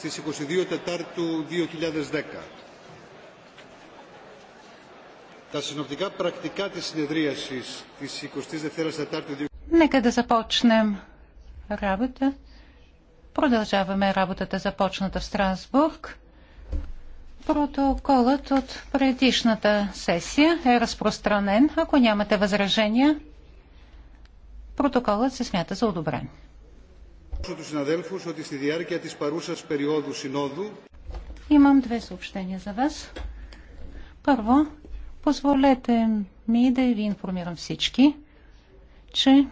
στις 22 Τετάρτου 2010. Τα συνοπτικά πρακτικά της συνεδρίασης της 22 Τετάρτου 2010 Нека да започнем работа. Продължаваме работата, започната в Страсбург. Протоколът от предишната сесия е разпространен. Ако нямате възражения, протоколът се смята за одобрен. Имам две съобщения за вас. Първо, позволете ми да ви информирам всички, че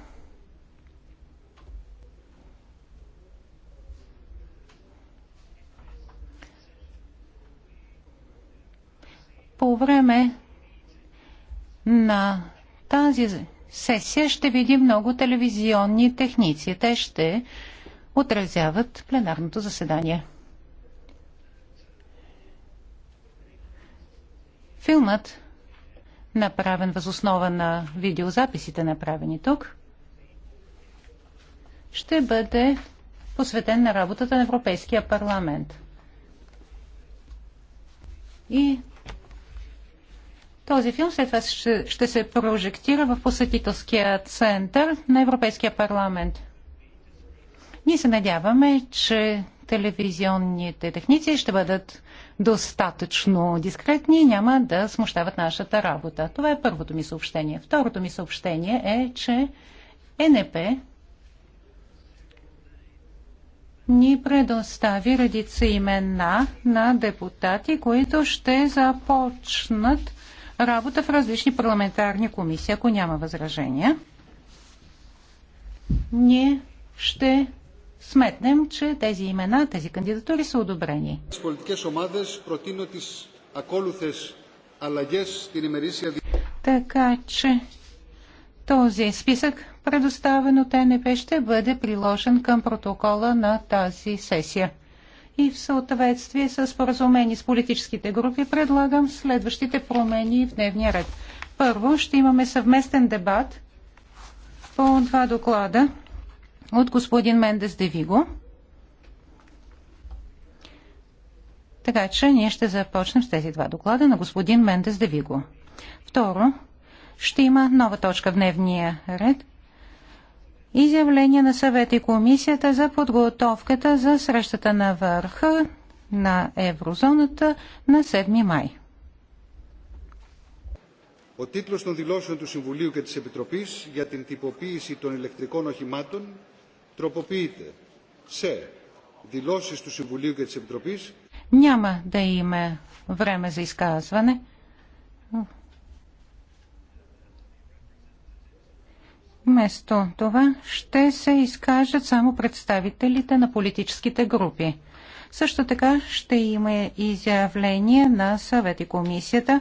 по време на тази сесия ще видим много телевизионни техници. Те ще отразяват пленарното заседание. Филмът, направен възоснова на видеозаписите, направени тук, ще бъде посветен на работата на Европейския парламент. И този филм след това ще, ще се прожектира в посетителския център на Европейския парламент. Ние се надяваме, че телевизионните техници ще бъдат достатъчно дискретни и няма да смущават нашата работа. Това е първото ми съобщение. Второто ми съобщение е, че НП ни предостави редица имена на депутати, които ще започнат работа в различни парламентарни комисии, ако няма възражения. Ние ще сметнем, че тези имена, тези кандидатури са одобрени. Така че този списък, предоставен от НП, ще бъде приложен към протокола на тази сесия. И в съответствие с поразумени с политическите групи предлагам следващите промени в дневния ред. Първо ще имаме съвместен дебат по два доклада от господин Мендес Девиго. Така че ние ще започнем с тези два доклада на господин Мендес Девиго. Второ, ще има нова точка в дневния ред. Изявление на съвета и комисията за подготовката за срещата на върха на еврозоната на 7 май. Ο τίτλος των δηλώσεων του Συμβουλίου και της Επιτροπής για την τυποποίηση των ηλεκτρικών οχημάτων τροποποιείται σε δηλώσεις του Συμβουλίου και της Επιτροπής. Няма да има време за изказване. Вместо това ще се изкажат само представителите на политическите групи. Също така ще има изявление на съвет и комисията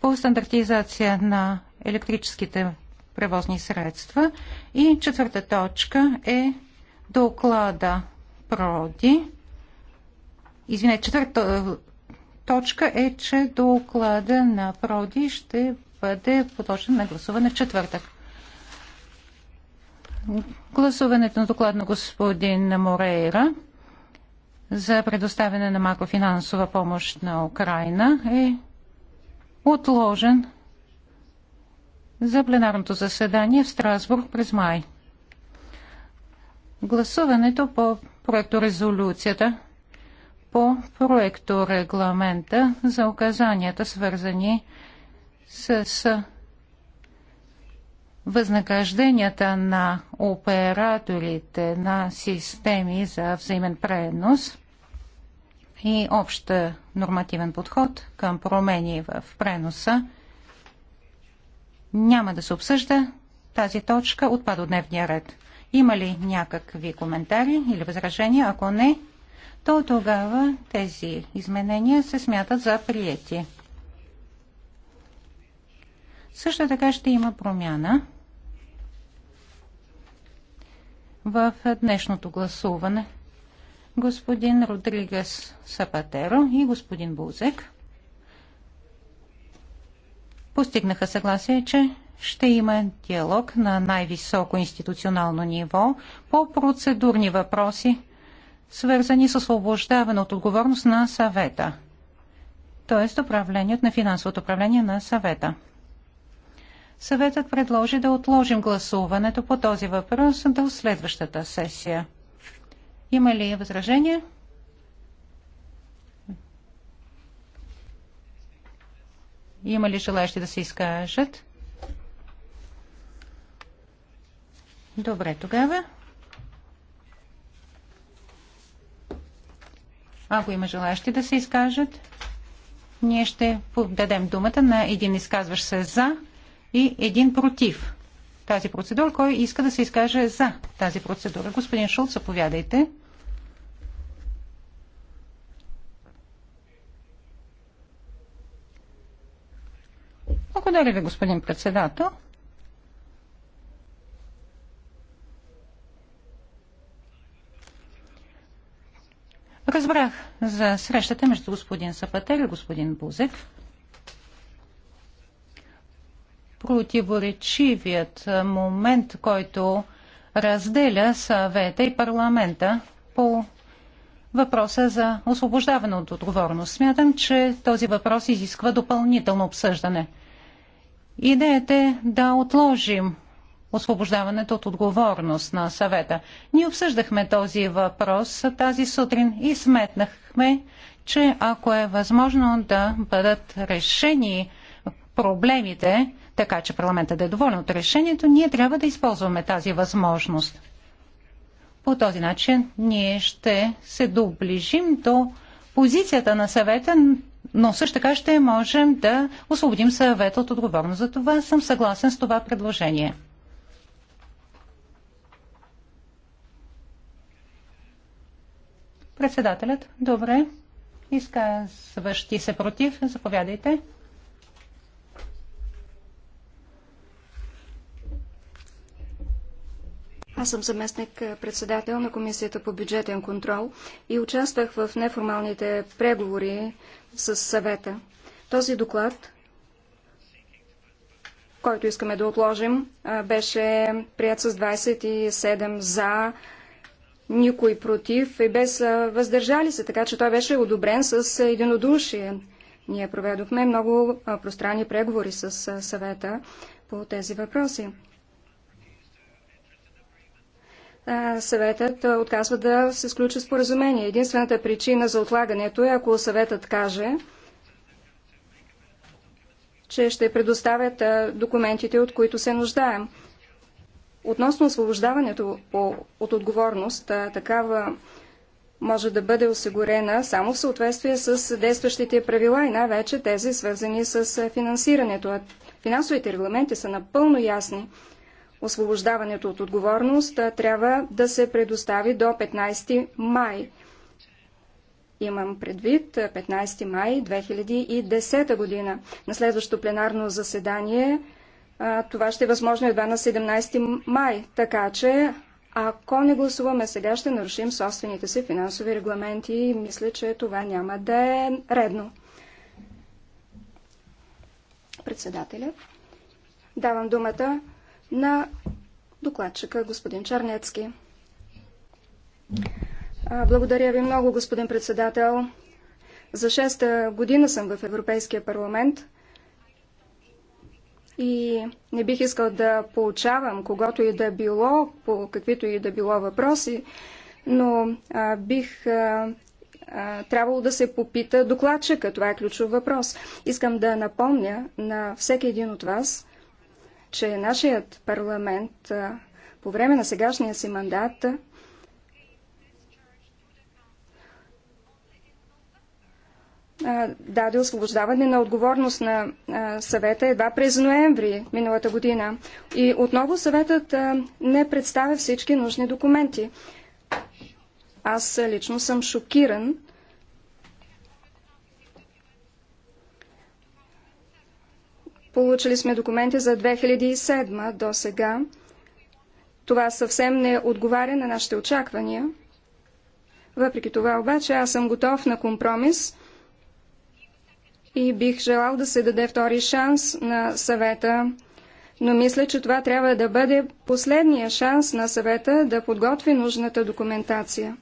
по стандартизация на електрическите превозни средства. И четвърта точка е доклада Проди. Извинете, четвърта е, точка е, че доклада на Проди ще бъде подложен на гласуване в четвъртък. Гласуването на доклад на господин Морейра за предоставяне на макрофинансова помощ на Украина е отложен за пленарното заседание в Страсбург през май. Гласуването по проекторезолюцията по проекторегламента за указанията, свързани с възнагражденията на операторите на системи за взаимен пренос и общ нормативен подход към промени в преноса няма да се обсъжда. Тази точка отпада от дневния ред. Има ли някакви коментари или възражения? Ако не, то тогава тези изменения се смятат за приети. Също така ще има промяна в днешното гласуване. Господин Родригес Сапатеро и господин Бузек постигнаха съгласие, че ще има диалог на най-високо институционално ниво по процедурни въпроси, свързани с освобождаване от отговорност на съвета, т.е. управлението на финансовото управление на съвета. Съветът предложи да отложим гласуването по този въпрос до следващата сесия. Има ли възражения? Има ли желащи да се изкажат? Добре, тогава. Ако има желащи да се изкажат, ние ще дадем думата на един изказващ се за и един против тази процедура. Кой иска да се изкаже за тази процедура? Господин Шулц, заповядайте. Благодаря ви, господин председател. Разбрах за срещата между господин Сапатер и господин Бузев. Противоречивият момент, който разделя съвета и парламента по въпроса за освобождаване от отговорност. Смятам, че този въпрос изисква допълнително обсъждане. Идеята е да отложим освобождаването от отговорност на съвета. Ние обсъждахме този въпрос тази сутрин и сметнахме, че ако е възможно да бъдат решени проблемите, така че парламентът да е доволен от решението, ние трябва да използваме тази възможност. По този начин ние ще се доближим до позицията на съвета, но също така ще можем да освободим съвета от отговорност. За това съм съгласен с това предложение. Председателят, добре. Изказващи се против, заповядайте. Аз съм заместник председател на Комисията по бюджетен контрол и участвах в неформалните преговори с съвета. Този доклад, който искаме да отложим, беше прият с 27 за, никой против и без въздържали се, така че той беше одобрен с единодушие. Ние проведохме много пространни преговори с съвета по тези въпроси. Съветът отказва да се сключи споразумение. Единствената причина за отлагането е, ако съветът каже, че ще предоставят документите, от които се нуждаем. Относно освобождаването по, от отговорност, такава може да бъде осигурена само в съответствие с действащите правила и най-вече тези свързани с финансирането. Финансовите регламенти са напълно ясни. Освобождаването от отговорност трябва да се предостави до 15 май. Имам предвид 15 май 2010 година. На следващото пленарно заседание това ще е възможно едва на 17 май. Така че, ако не гласуваме сега, ще нарушим собствените си финансови регламенти и мисля, че това няма да е редно. Председателя. Давам думата на докладчика господин Чернецки. Благодаря ви много, господин председател. За шеста година съм в Европейския парламент и не бих искал да получавам когато и да било, по каквито и да било въпроси, но а, бих а, а, трябвало да се попита докладчика. Това е ключов въпрос. Искам да напомня на всеки един от вас, че нашият парламент а, по време на сегашния си мандат даде освобождаване на отговорност на съвета едва през ноември миналата година. И отново съветът не представя всички нужни документи. Аз лично съм шокиран. Получили сме документи за 2007 до сега. Това съвсем не отговаря на нашите очаквания. Въпреки това обаче аз съм готов на компромис – и бих желал да се даде втори шанс на съвета. Но мисля, че това трябва да бъде последния шанс на съвета да подготви нужната документация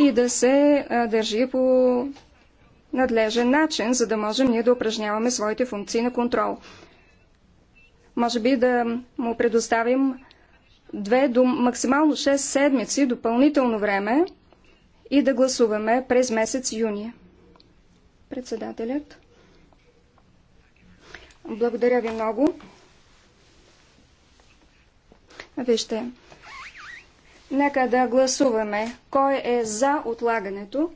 и да се държи по надлежен начин, за да можем ние да упражняваме своите функции на контрол. Може би да му предоставим две до максимално 6 седмици допълнително време, и да гласуваме през месец юни. Председателят. Благодаря ви много. Вижте, нека да гласуваме кой е за отлагането,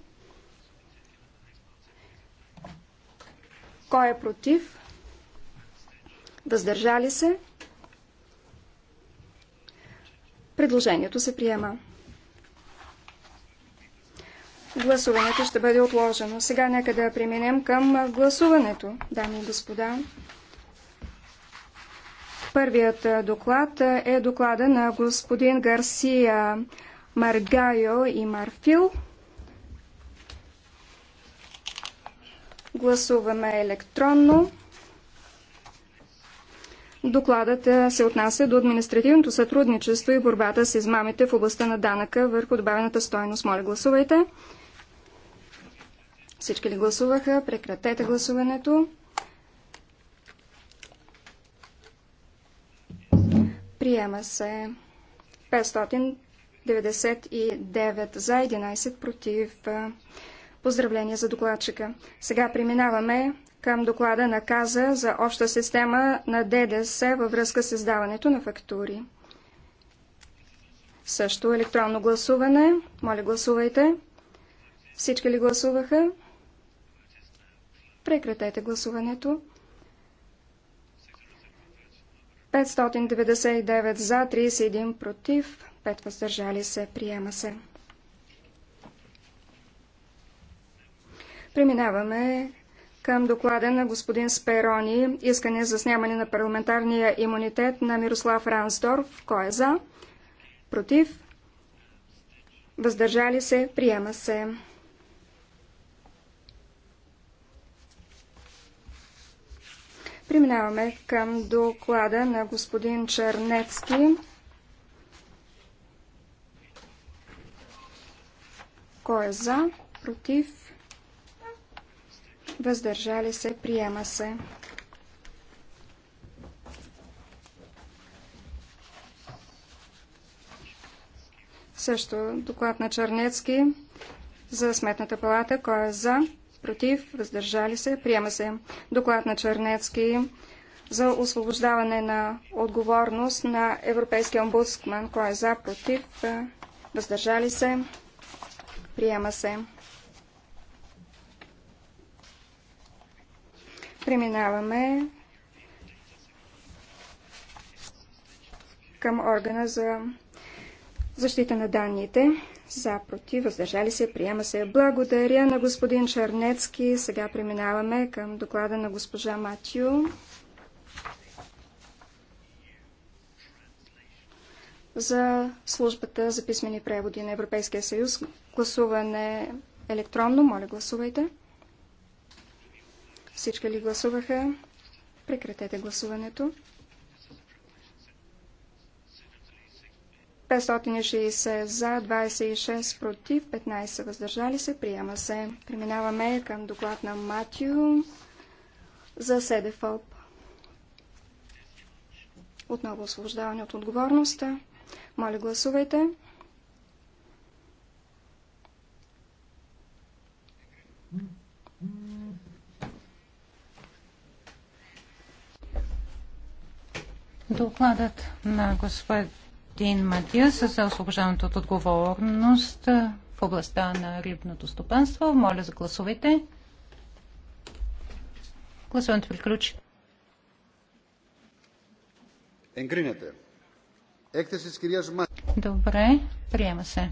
кой е против, въздържали се. Предложението се приема. Гласуването ще бъде отложено. Сега нека да преминем към гласуването, дами и господа. Първият доклад е доклада на господин Гарсия Маргайо и Марфил. Гласуваме електронно. Докладът се отнася до административното сътрудничество и борбата с измамите в областта на данъка върху добавената стойност. Моля, гласувайте. Всички ли гласуваха? Прекратете гласуването. Приема се 599 за 11 против. Поздравления за докладчика. Сега преминаваме към доклада на КАЗа за обща система на ДДС във връзка с издаването на фактури. Също електронно гласуване. Моля, гласувайте. Всички ли гласуваха? Прекратете гласуването. 599 за, 31 против, 5 въздържали се. Приема се. Преминаваме към доклада на господин Сперони. Искане за снямане на парламентарния имунитет на Мирослав Рансдорф. Кой е за? Против? Въздържали се? Приема се. Преминаваме към доклада на господин Чернецки, Кой е за? Против? Въздържали се? Приема се. Също доклад на Чернецки за Сметната палата. Кой е за? против, въздържали се, приема се. Доклад на Чернецки за освобождаване на отговорност на Европейския омбудсман. Кой е за, против, въздържали се, приема се. Преминаваме към органа за защита на данните за, против, въздържали се, приема се. Благодаря на господин Чернецки. Сега преминаваме към доклада на госпожа Матю. за службата за писмени преводи на Европейския съюз. Гласуване електронно. Моля, гласувайте. Всички ли гласуваха? Прекратете гласуването. 560 за, 26 против, 15 въздържали се. Приема се. Преминаваме към доклад на Матю за СДФОП. Отново освобождаване от отговорността. Моля, гласувайте. Докладът на господин господин Матиас за освобождаването от отговорност в областта на рибното стопанство. Моля за гласовете. Гласуването приключи. Εγκρίνεται. Έκθεση της κυρίας Добре, приема се.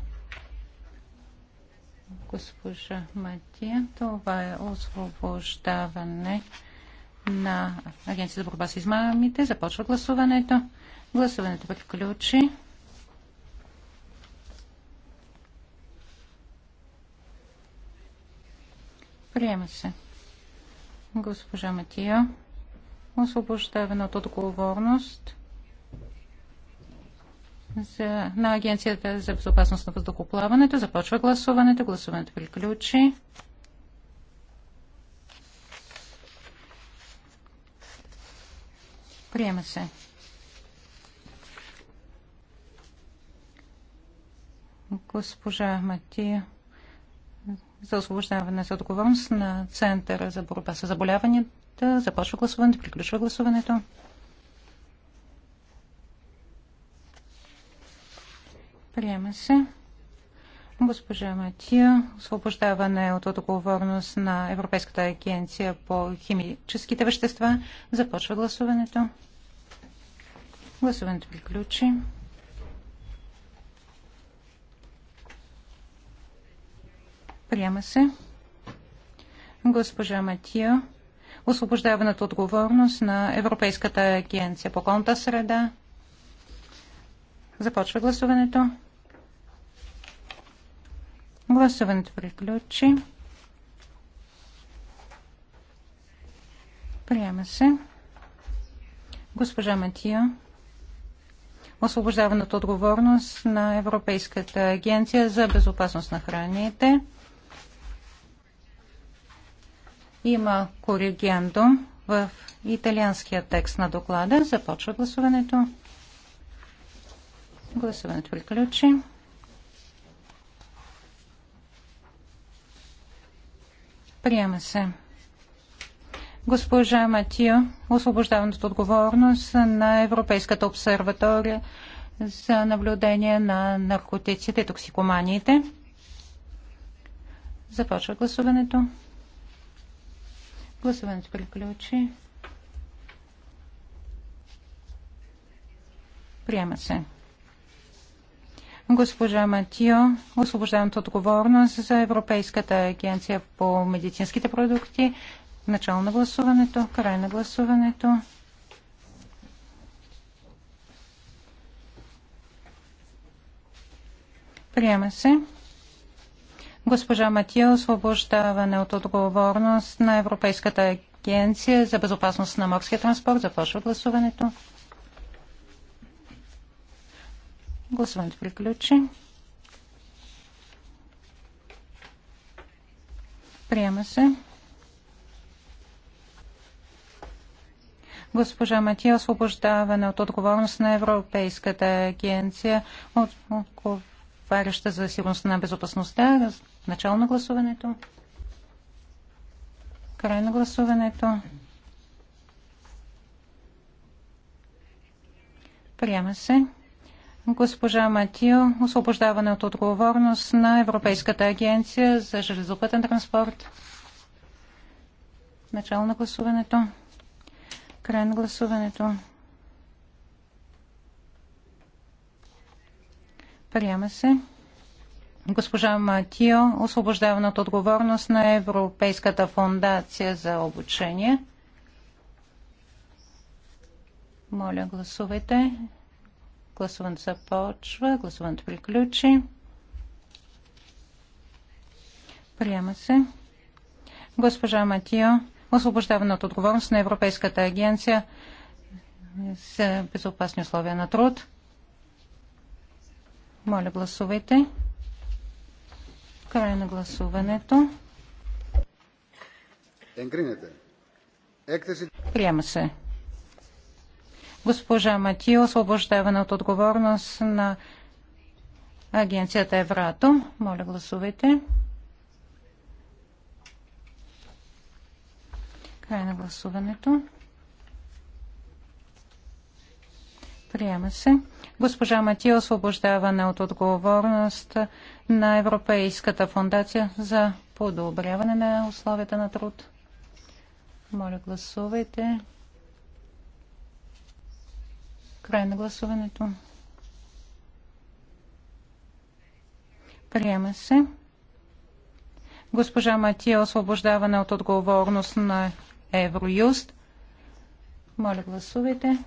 Госпожа Матия, това е освобождаване на Агенция за борба с измамите. Започва гласуването. Гласуването приключи. Приема се. Госпожа Матия, освобождавана от отговорност за, на Агенцията за безопасност на въздухоплаването. Започва гласуването. Гласуването приключи. Приема се. госпожа Матия за освобождаване за отговорност на Центъра за борба с заболяванията. Започва гласуването, приключва гласуването. Приема се. Госпожа Матия, освобождаване от отговорност на Европейската агенция по химическите вещества. Започва гласуването. Гласуването приключи. Приема се. Госпожа Матия. Освобождаването отговорност на Европейската агенция по конта среда. Започва гласуването. Гласуването приключи. Приема се. Госпожа Матия. Освобождаването отговорност на Европейската агенция за безопасност на храните. Има коригендо в италианския текст на доклада. Започва гласуването. Гласуването приключи. Приема се. Госпожа Матио, освобождаването от отговорност на Европейската обсерватория за наблюдение на наркотиците и токсикоманиите. Започва гласуването. Гласуването приключи. Приема се. Госпожа Матио, от отговорност за Европейската агенция по медицинските продукти. Начало на гласуването, край на гласуването. Приема се. Госпожа Матио, освобождаване от отговорност на Европейската агенция за безопасност на морския транспорт. Започва гласуването. Гласуването приключи. Приема се. Госпожа Матия освобождаване от отговорност на Европейската агенция от отговорност отговаряща за сигурността на безопасността. Начало на гласуването. Край на гласуването. Приема се. Госпожа Матио, освобождаване от отговорност на Европейската агенция за железопътен транспорт. Начало на гласуването. Край на гласуването. Приема се. Госпожа Матио, освобождавана от отговорност на Европейската фундация за обучение. Моля, гласувайте. Гласуването започва. Гласуването приключи. Приема се. Госпожа Матио, освобождавана от отговорност на Европейската агенция за безопасни условия на труд. Моля, гласувайте. Край на гласуването. Εγκρίνεται. Έκθεση... Приема се. Госпожа Матио, освобождаване от отговорност на агенцията Еврато. Моля, гласувайте. Край на гласуването. Приема се. Госпожа Матия освобождаване от отговорност на Европейската фундация за подобряване на условията на труд. Моля, гласувайте. Край на гласуването. Приема се. Госпожа Матия освобождаване от отговорност на Евроюст. Моля, гласувайте.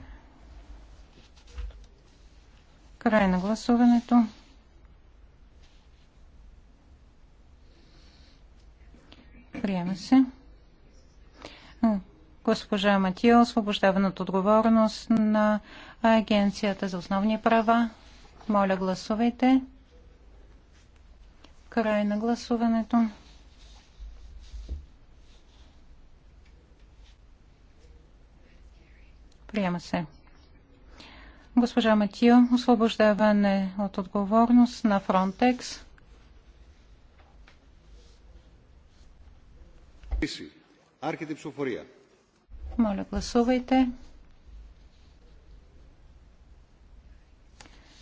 Край на гласуването. Приема се. Госпожа Матио, освобождаване от отговорност на Агенцията за основни права. Моля, гласувайте. Край на гласуването. Приема се. Госпожа Матио, освобождаване от отговорност на Фронтекс. Моля, гласувайте.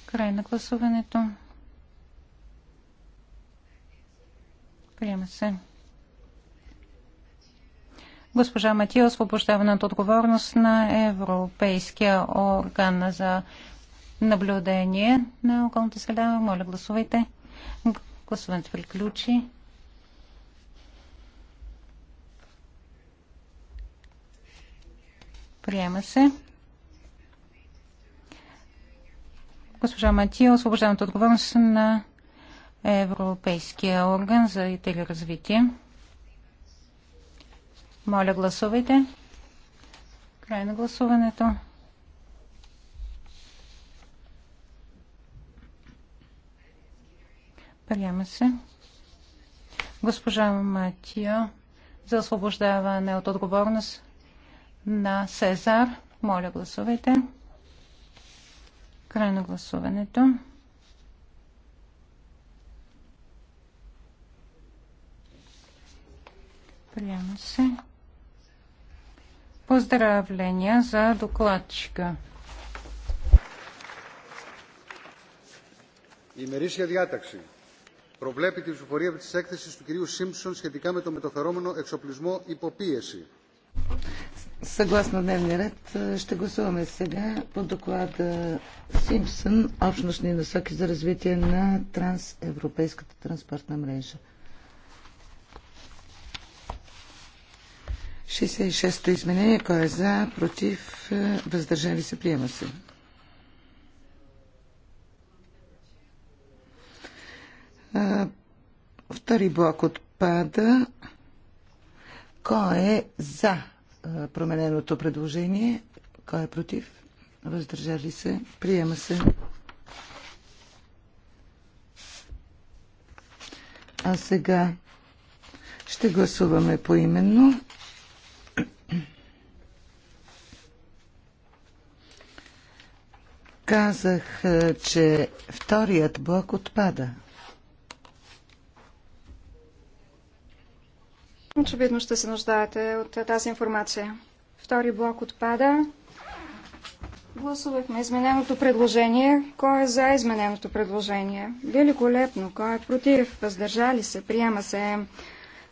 Край на гласуването. Приема се госпожа Матия освобождаване от отговорност на Европейския орган за наблюдение на околната среда. Моля, гласувайте. Гласуването приключи. Приема се. Госпожа Матия, освобождаването отговорност на Европейския орган за развитие. Моля, гласувайте. Край на гласуването. Приема се. Госпожа Матия за освобождаване от отговорност на Сезар. Моля, гласувайте. Край на гласуването. Приема се. Поздравления за докладчика. Η ημερήσια διάταξη προβλέπει την ψηφορία της έκθεσης του κυρίου Σίμψον σχετικά με το μεταφερόμενο εξοπλισμό υποπίεση. Съгласно дневния ред ще гласуваме сега по доклада Симпсън общностни насоки за развитие на трансевропейската транспортна мрежа. 66-то изменение. Кой е за, против, е, въздържали се, приема се. Е, втори блок отпада. Кой е за е, промененото предложение? Кой е против? Въздържали се? Приема се. А сега ще гласуваме поименно Казах, че вторият блок отпада. Очевидно ще се нуждаете от тази информация. Втори блок отпада. Гласувахме измененото предложение. Кой е за измененото предложение? Великолепно. Кой е против? Въздържали се? Приема се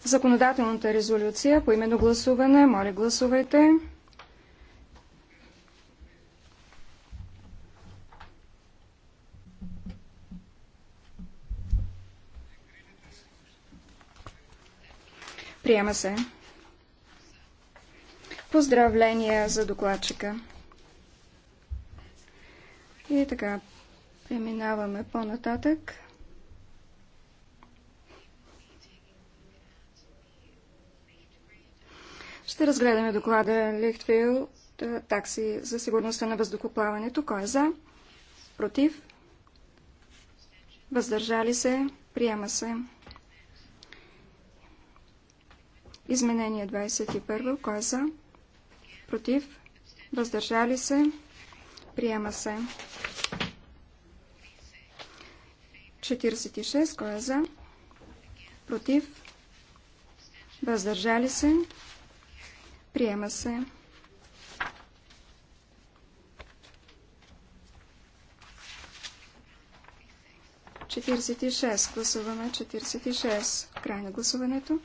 законодателната резолюция по именно гласуване. Моля, гласувайте. Приема се. Поздравления за докладчика. И така, преминаваме по-нататък. Ще разгледаме доклада Лихтвил е, такси за сигурността на въздухоплаването. Кой е за? Против? Въздържали се? Приема се. Изменение 21. Кой е за? Против? Въздържали се? Приема се. 46. Кой е за? Против? Въздържали се? Приема се. 46, и шест. Гласуваме 46. и шест. Край на гласуването.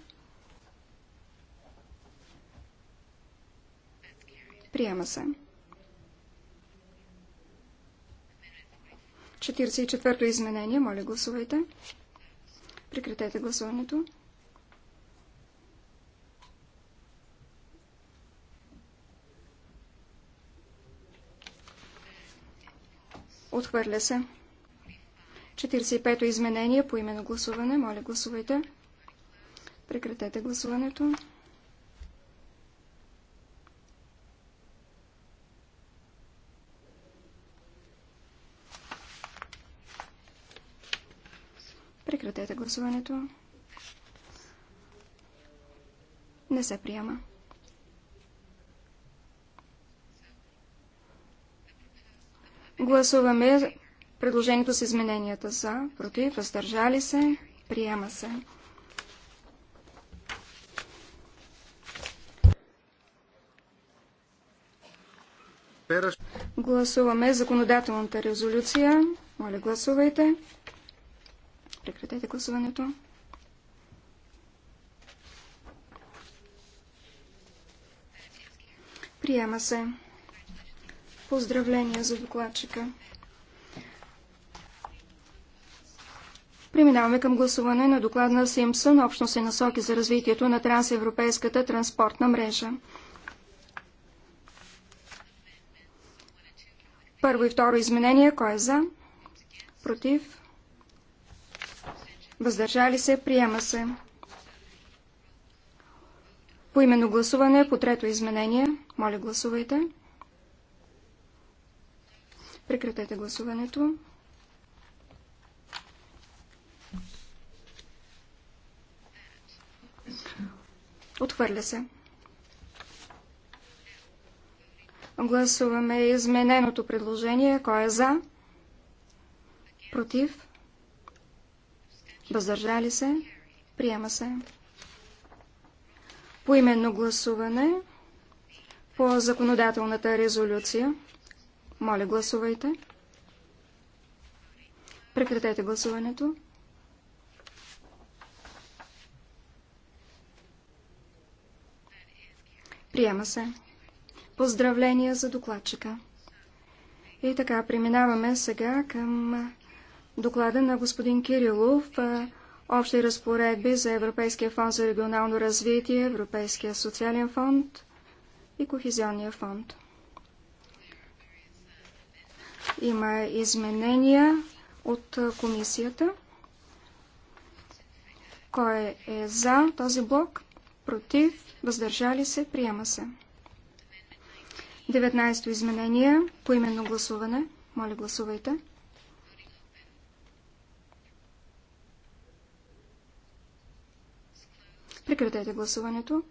Приема се. 44-то изменение. Моля, гласувайте. Прекратете гласуването. Отхвърля се. 45-то изменение по именно гласуване. Моля, гласувайте. Прекратете гласуването. Прекратете гласуването. Не се приема. Гласуваме предложението с измененията за, против, въздържали се, приема се. Гласуваме законодателната резолюция. Моля, гласувайте. Прекратете гласуването. Приема се. Поздравления за докладчика. Преминаваме към гласуване на доклад на Симпсън Общно се насоки за развитието на трансевропейската транспортна мрежа. Първо и второ изменение. Кой е за? Против? въздържали се, приема се. По именно гласуване по трето изменение. Моля, гласувайте. Прекратете гласуването. Отхвърля се. Гласуваме измененото предложение. Кой е за? Против? Въздържали се. Приема се. Поименно гласуване по законодателната резолюция. Моля, гласувайте. Прекратете гласуването. Приема се. Поздравления за докладчика. И така, преминаваме сега към доклада на господин Кирилов Общи разпоредби за Европейския фонд за регионално развитие, Европейския социален фонд и Кохизионния фонд. Има изменения от комисията. Кой е за този блок? Против? Въздържали се? Приема се. 19 изменение. по именно гласуване. Моля, гласувайте. Прекратете гласуването.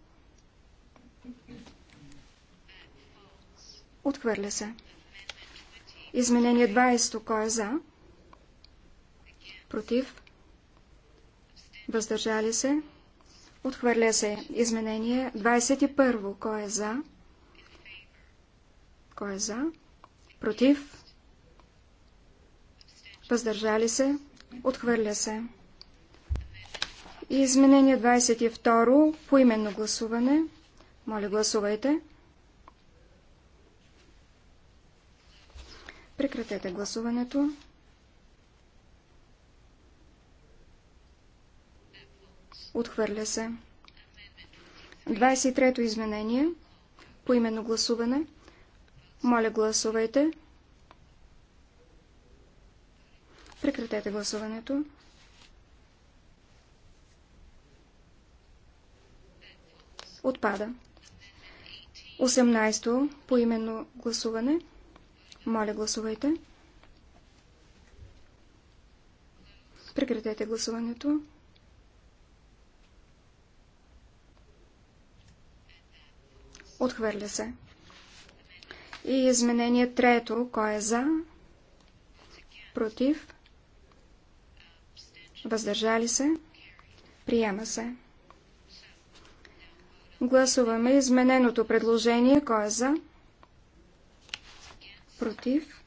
Отхвърля се. Изменение 20. Кой е за? Против? Въздържали се? Отхвърля се. Изменение 21. Кой е за? Кой е за? Против? Въздържали се? Отхвърля се. И изменение 22 по именно гласуване. Моля, гласувайте. Прекратете гласуването. Отхвърля се. 23-то изменение. По именно гласуване. Моля, гласувайте. Прекратете гласуването. Отпада. 18-то по именно гласуване. Моля, гласувайте. Прекратете гласуването. Отхвърля се. И изменение трето. Кой е за? Против? Въздържали се? Приема се. Гласуваме измененото предложение. Кой е за? Против?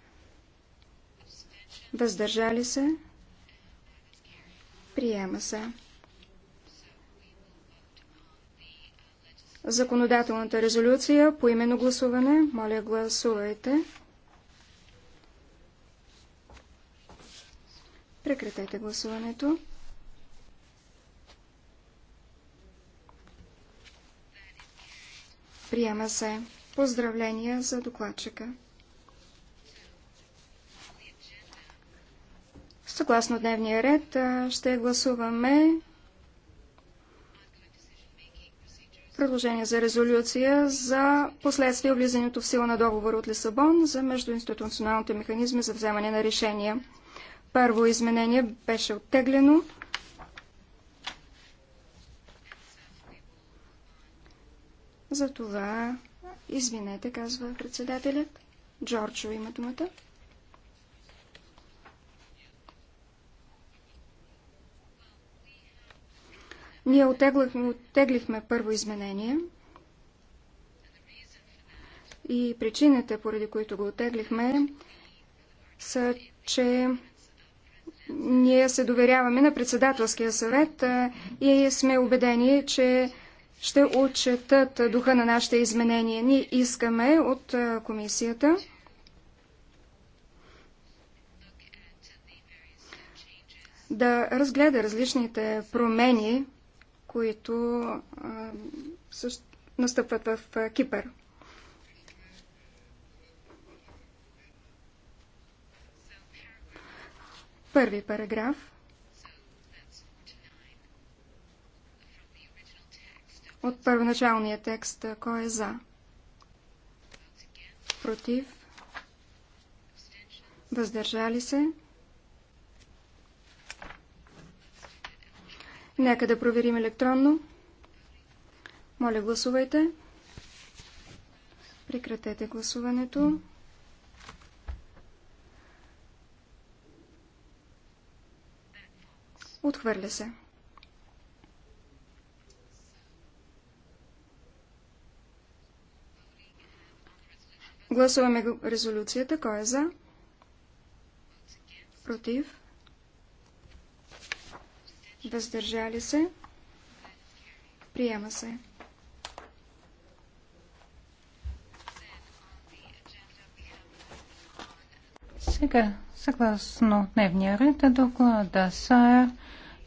Въздържали се? Приема се. Законодателната резолюция по именно гласуване. Моля, гласувайте. Прекратете гласуването. Приема се. Поздравления за докладчика. Съгласно дневния ред ще гласуваме предложение за резолюция за последствия влизането в сила на договор от Лисабон за междуинституционалните механизми за вземане на решения. Първо изменение беше оттеглено. За това, извинете, казва председателят. Джорджо има думата. Ние отеглихме, оттеглихме първо изменение и причините, поради които го отеглихме, са, че ние се доверяваме на председателския съвет и сме убедени, че ще отчетат духа на нашите изменения. Ние искаме от комисията да разгледа различните промени, които настъпват в Кипър. Първи параграф. от първоначалния текст. Кой е за? Против? Въздържали се? Нека да проверим електронно. Моля, гласувайте. Прекратете гласуването. Отхвърля се. Гласуваме резолюцията. Кой е за? Против? Въздържали се? Приема се. Сега, съгласно дневния ред, е доклада САЕР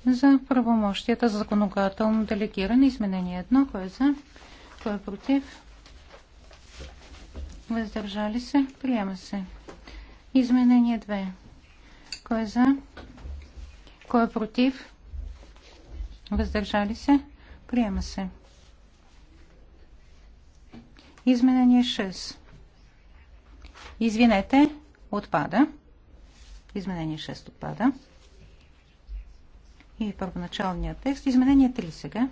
за правомощията за законодателно делегиране. Изменение едно. Кой е за? Кой е против? Въздържали се. Приема се. Изменение 2. Кой е за? Кой е против? Въздържали се? Приема се. Изменение 6. Извинете, отпада. Изменение 6 отпада. И първоначалният текст. Изменение 3 сега.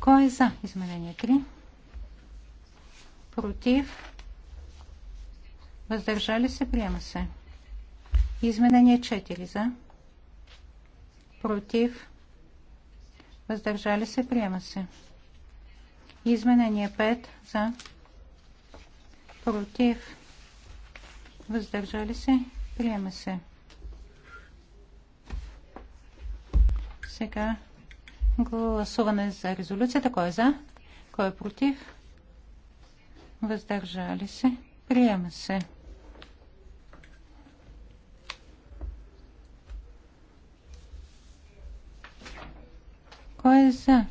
Кой е за изменение 3? против, въздържали се, приема се. Изменение 4 за, против, въздържали се, приема се. Изменение 5 за, против, въздържали се, приема се. Сега гласуване за резолюцията. Кой е за? Кой е против? въздържали се, приема се. Кой е за?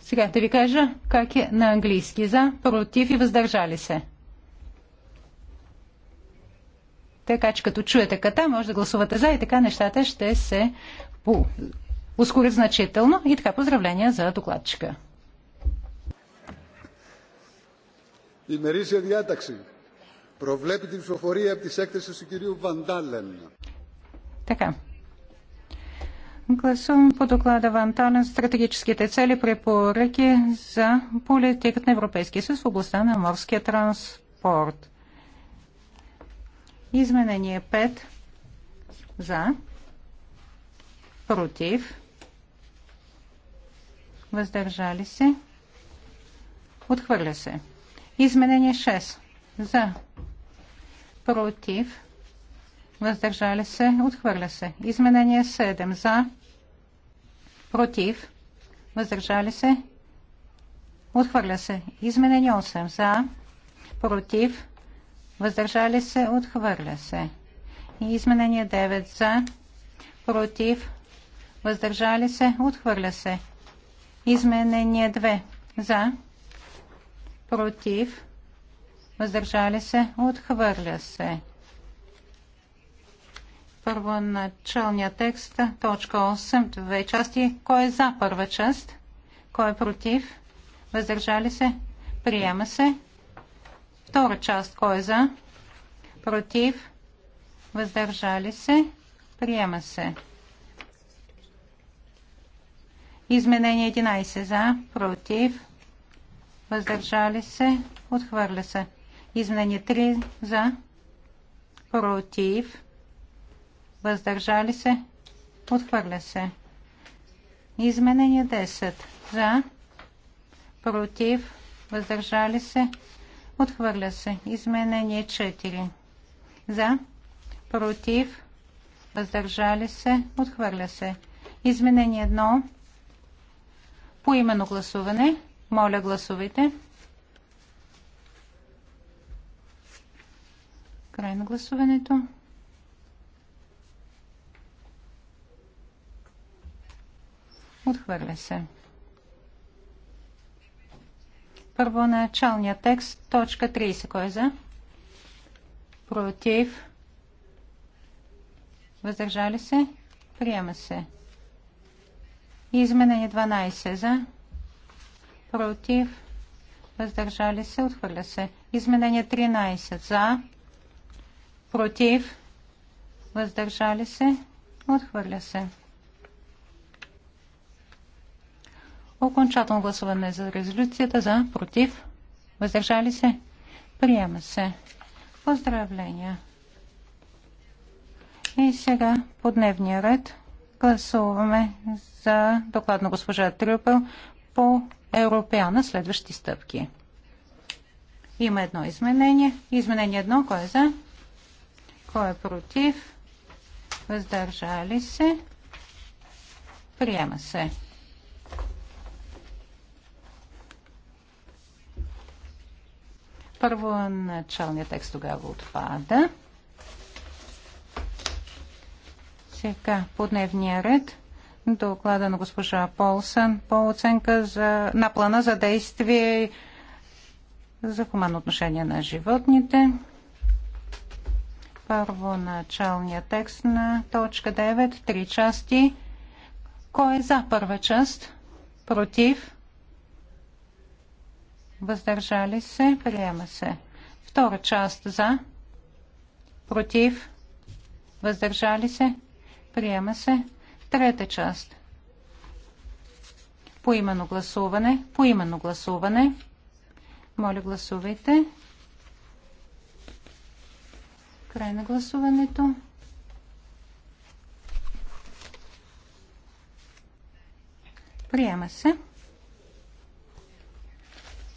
Сега да ви кажа как е на английски. За, против и въздържали се. Така че като чуете ката, може да гласувате за и така нещата ще се ускорят значително. И така поздравления за докладчика. Η μερίσια διάταξη προβλέπει την ψηφοφορία από τις έκθεσεις του κυρίου Βαντάλεν. Така. Гласувам по доклада Вантален стратегическите цели, препоръки за политиката на Европейския съюз в областта на морския транспорт. Изменение 5 за против въздържали се отхвърля се. Изменение 6. За. Против. Въздържали се. Отхвърля се. Изменение 7. За. Против. Въздържали се. Отхвърля се. Изменение 8. За. Против. Въздържали се. Отхвърля се. Изменение 9. За. Против. Въздържали се. Отхвърля се. Изменение 2. За против, въздържали се, отхвърля се. Първоначалния текст, точка 8, две части. Кой е за първа част? Кой е против? Въздържали се? Приема се. Втора част, кой е за? Против? Въздържали се? Приема се. Изменение 11 за, против, въздържали се, отхвърля се. Изменение 3 за, против, въздържали се, отхвърля се. Изменение 10 за, против, въздържали се, отхвърля се. Изменение 4 за, против, въздържали се, отхвърля се. Изменение 1 по именно гласуване. Моля, гласувайте. Край на гласуването. Отхвърля се. Първоначалният текст, точка 30, кой е за? Против. Въздържали се? Приема се. Изменение 12 за против, въздържали се, отхвърля се. Изменение 13 за, против, въздържали се, отхвърля се. Окончателно гласуване за резолюцията за, против, въздържали се, приема се. Поздравления! И сега по дневния ред гласуваме за доклад на госпожа Трюпел по Европеана следващи стъпки. Има едно изменение. Изменение едно, кой е за? Кой е против? Въздържали се? Приема се. Първо началният текст тогава отпада. Сега по дневния ред доклада на госпожа Полсън по оценка за, на плана за действие за хуманно отношение на животните. началният текст на точка 9, три части. Кой е за първа част? Против? Въздържали се? Приема се. Втора част за? Против? Въздържали се? Приема се. Трета част. Поименно гласуване. Поимено гласуване. Моля, гласувайте. Край на гласуването. Приема се.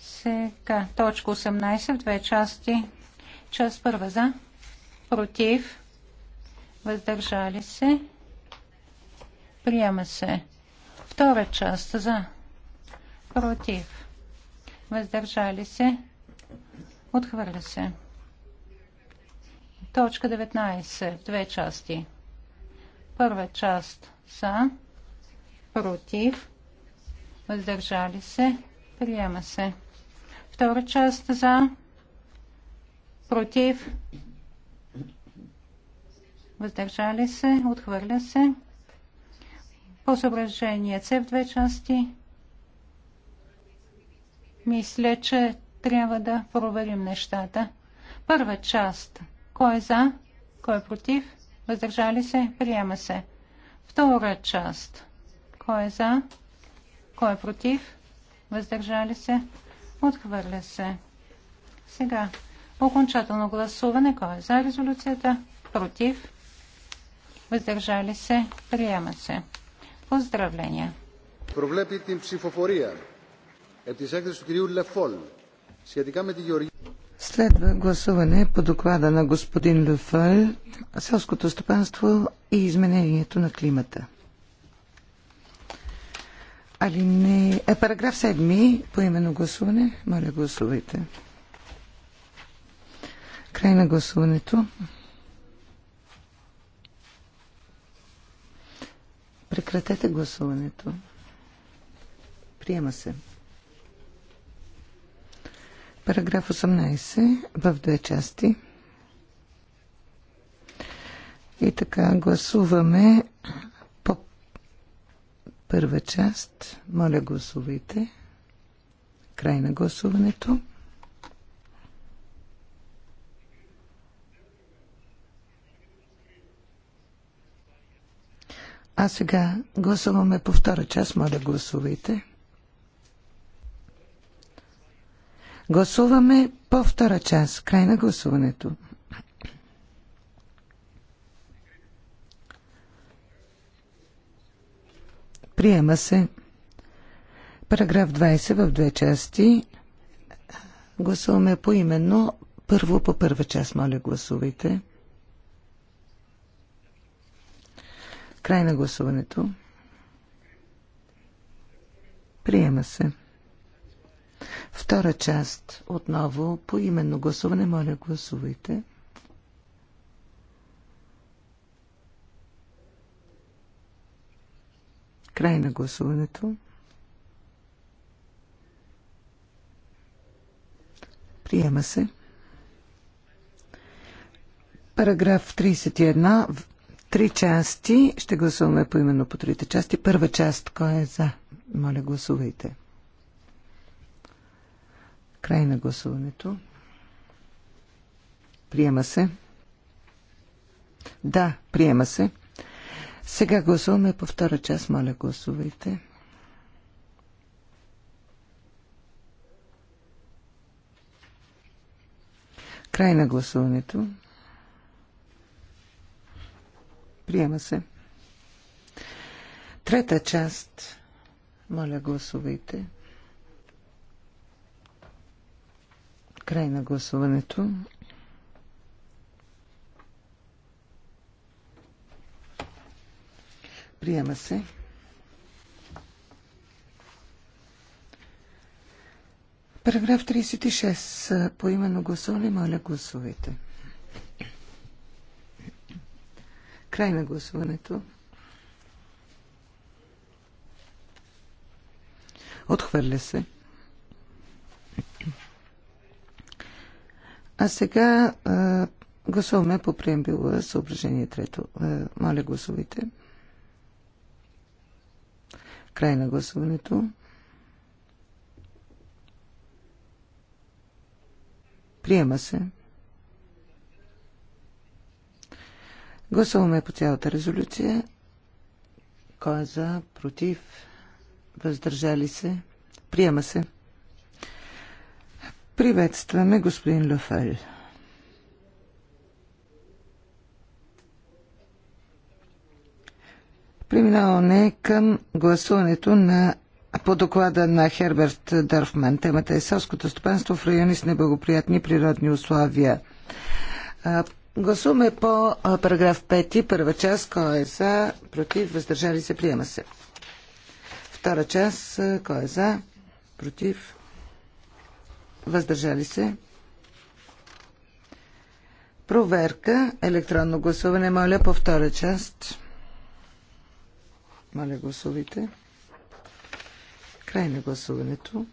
Сега точка 18 в две части. Част първа за, против, въздържали се, Приема се. Втора част за. Против. Въздържали се. Отхвърля се. Точка 19. две части. Първа част за. Против. Въздържали се. Приема се. Втора част за. Против. Въздържали се. Отхвърля се. По съображение це в две части мисля, че трябва да проверим нещата. Първа част. Кой е за? Кой е против? Въздържали се? Приема се. Втора част. Кой е за? Кой е против? Въздържали се? Отхвърля се. Сега. Окончателно гласуване. Кой е за резолюцията? Против? Въздържали се? Приема се. Поздравления! Προβλέπει την ψηφοφορία επί της έκθεσης του κυρίου Λεφόλ σχετικά με τη γεωργία. Следва гласуване по доклада на господин Люфъл, селското стопанство и изменението на климата. Али не... Е, параграф 7 по именно гласуване. Моля, гласувайте. Край на гласуването. Прекратете гласуването. Приема се. Параграф 18 в две части. И така, гласуваме по първа част. Моля, гласувайте. Край на гласуването. А сега гласуваме по втора част. Моля, гласувайте. Гласуваме по втора част. Край на гласуването. Приема се параграф 20 в две части. Гласуваме поименно първо по първа част. Моля, гласувайте. Край на гласуването. Приема се. Втора част. Отново по именно гласуване. Моля, гласувайте. Край на гласуването. Приема се. Параграф 31. Три части. Ще гласуваме по именно по трите части. Първа част. Кой е за? Моля, гласувайте. Край на гласуването. Приема се. Да, приема се. Сега гласуваме по втора част. Моля, гласувайте. Край на гласуването. Приема се. Трета част. Моля, гласувайте. Край на гласуването. Приема се. Параграф 36. По именно гласуване. моля гласувайте. Край на гласуването. Отхвърля се. А сега а, гласуваме по преембила съображение трето. А, моля, гласувайте. Край на гласуването. Приема се. Гласуваме по цялата резолюция. Кой е за? Против? Въздържали се? Приема се. Приветстваме господин Лефел. Преминаваме към гласуването на по доклада на Херберт Дърфман. Темата е селското стопанство в райони с неблагоприятни природни условия. Гласуваме по параграф 5, първа част, кой е за, против, въздържали се, приема се. Втора част, кой е за, против, въздържали се. Проверка, електронно гласуване, моля, по втора част. Моля, гласувайте. Край на гласуването.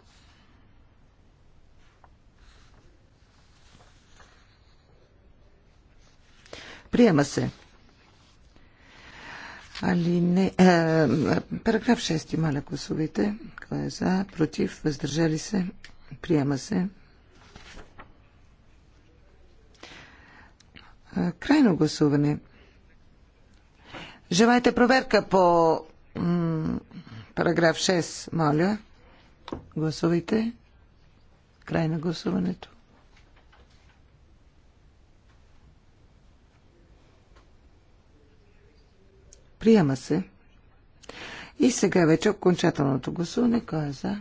Приема се. Али не. Е, параграф 6. Маля гласовете. Кой е за? Против? Въздържали се? Приема се. Е, крайно гласуване. Желаете проверка по параграф 6, моля. Гласувайте. Край на гласуването. Приема се. И сега вече окончателното гласуване. Кой е за?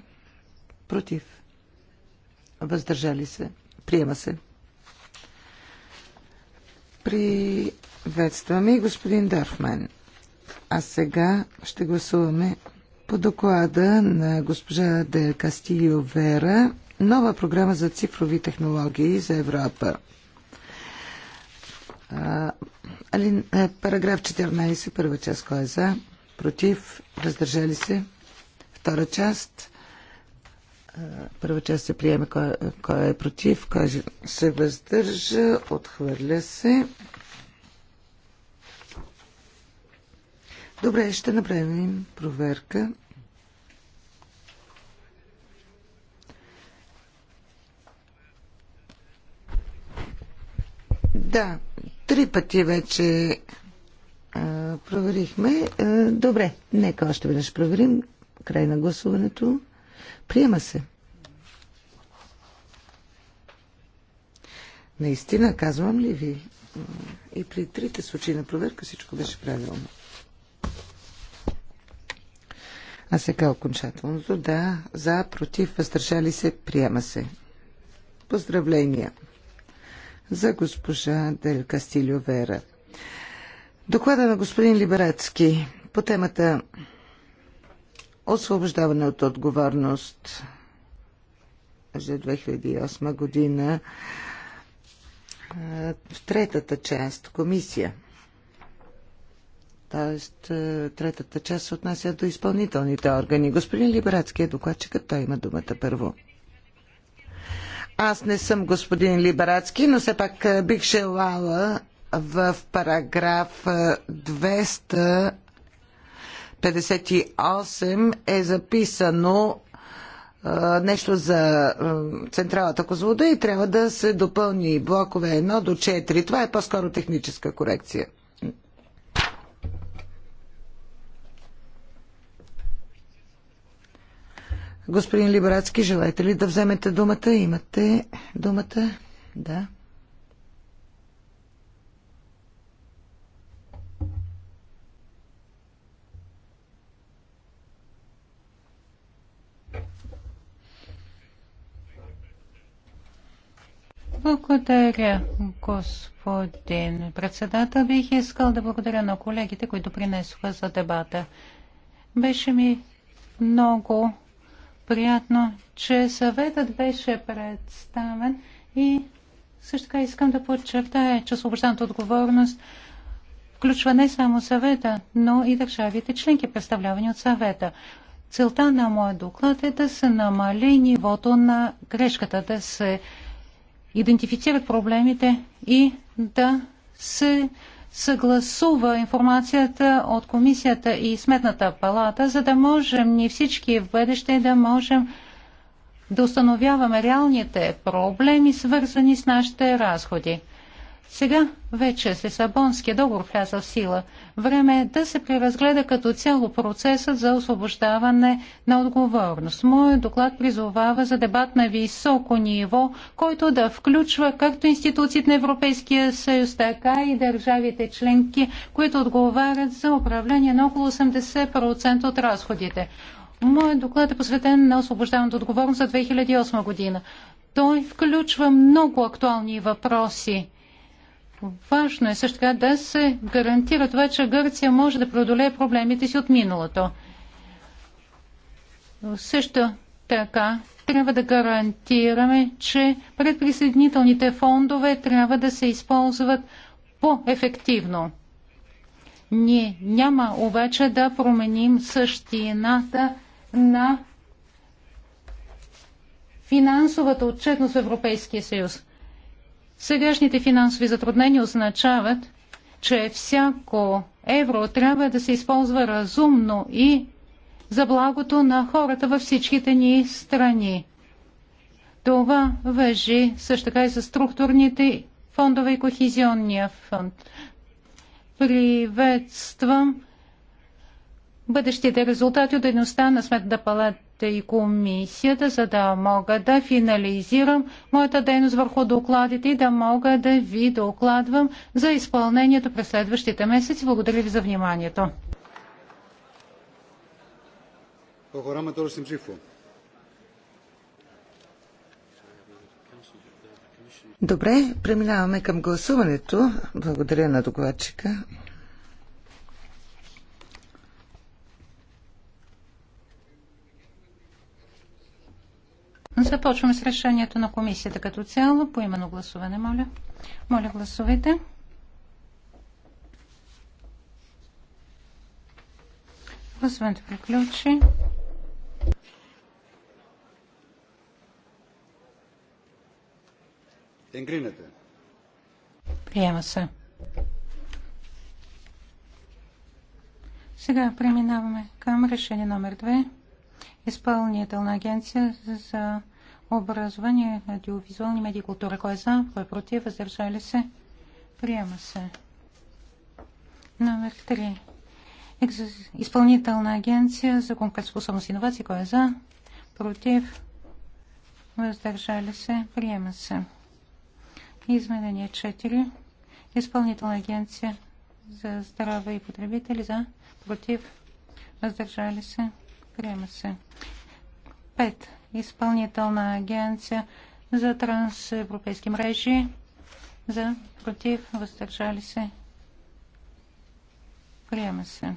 Против. Въздържали се. Приема се. Приветстваме и господин Дарфмен. А сега ще гласуваме по доклада на госпожа Де Кастилио Вера нова програма за цифрови технологии за Европа. Али, е, параграф 14, първа част, кой е за? Против? Въздържали се? Втора част. Първа част се приема кой, кой е против, кой се въздържа, отхвърля се. Добре, ще направим проверка. Да, Три пъти вече а, проверихме. А, добре, нека още веднъж проверим. Край на гласуването. Приема се. Наистина, казвам ли ви, и при трите случаи на проверка всичко беше правилно. А сега окончателното. Да, за, против, въздържали се, приема се. Поздравления! за госпожа Дель Кастилио Вера. Доклада на господин Либерацки по темата освобождаване от отговорност за 2008 година в третата част комисия. Тоест, третата част се отнася до изпълнителните органи. Господин Либерацки е докладчикът, той има думата първо. Аз не съм господин Либерацки, но все пак бих желала в параграф 258 е записано нещо за централата Козлода и трябва да се допълни блокове 1 до 4. Това е по-скоро техническа корекция. Господин Либрацки, желаете ли да вземете думата? Имате думата? Да. Благодаря, господин председател. Бих искал да благодаря на колегите, които принесоха за дебата. Беше ми много приятно, че съветът беше представен и също така искам да подчертая, че освобожданата отговорност включва не само съвета, но и държавите членки, представлявани от съвета. Целта на моят доклад е да се намали нивото на грешката, да се идентифицират проблемите и да се съгласува информацията от комисията и сметната палата, за да можем ни всички в бъдеще да можем да установяваме реалните проблеми, свързани с нашите разходи. Сега вече с Лисабонския договор вляза в сила. Време е да се преразгледа като цяло процесът за освобождаване на отговорност. Моят доклад призовава за дебат на високо ниво, който да включва както институциите на Европейския съюз, така и държавите членки, които отговарят за управление на около 80% от разходите. Моят доклад е посветен на освобождаването отговорност за 2008 година. Той включва много актуални въпроси – Важно е също така да се гарантира това, че Гърция може да преодолее проблемите си от миналото. Също така трябва да гарантираме, че предприсъединителните фондове трябва да се използват по-ефективно. Ние няма обаче да променим същината на финансовата отчетност в Европейския съюз. Сегашните финансови затруднения означават, че всяко евро трябва да се използва разумно и за благото на хората във всичките ни страни. Това въжи също така и за структурните фондове и кохизионния фонд. Приветствам бъдещите резултати от дейността на Сметната палата парламента и комисията, за да мога да финализирам моята дейност върху докладите и да мога да ви докладвам за изпълнението през следващите месеци. Благодаря ви за вниманието. Προχωράμε τώρα στην ψήφο. Добре, преминаваме към гласуването. Благодаря на докладчика. Започваме с решението на комисията като цяло. По именно гласуване, моля. Моля, гласувайте. Гласуването приключи. Εγκρίνεται. Приема се. Сега преминаваме към решение номер 2. Изпълнителна агенция за образование, аудиовизуални медии култура. Кой е за, кой е против, въздържали се, приема се. Номер 3. Изпълнителна агенция за конкурентоспособност и инновации. Кой е за? Против? Въздържали се? Приема се. Изменение 4. Изпълнителна агенция за здраве и потребители. За? Против? Въздържали се? Приема се. 5 изпълнителна агенция за трансевропейски мрежи за против въздържали се приема се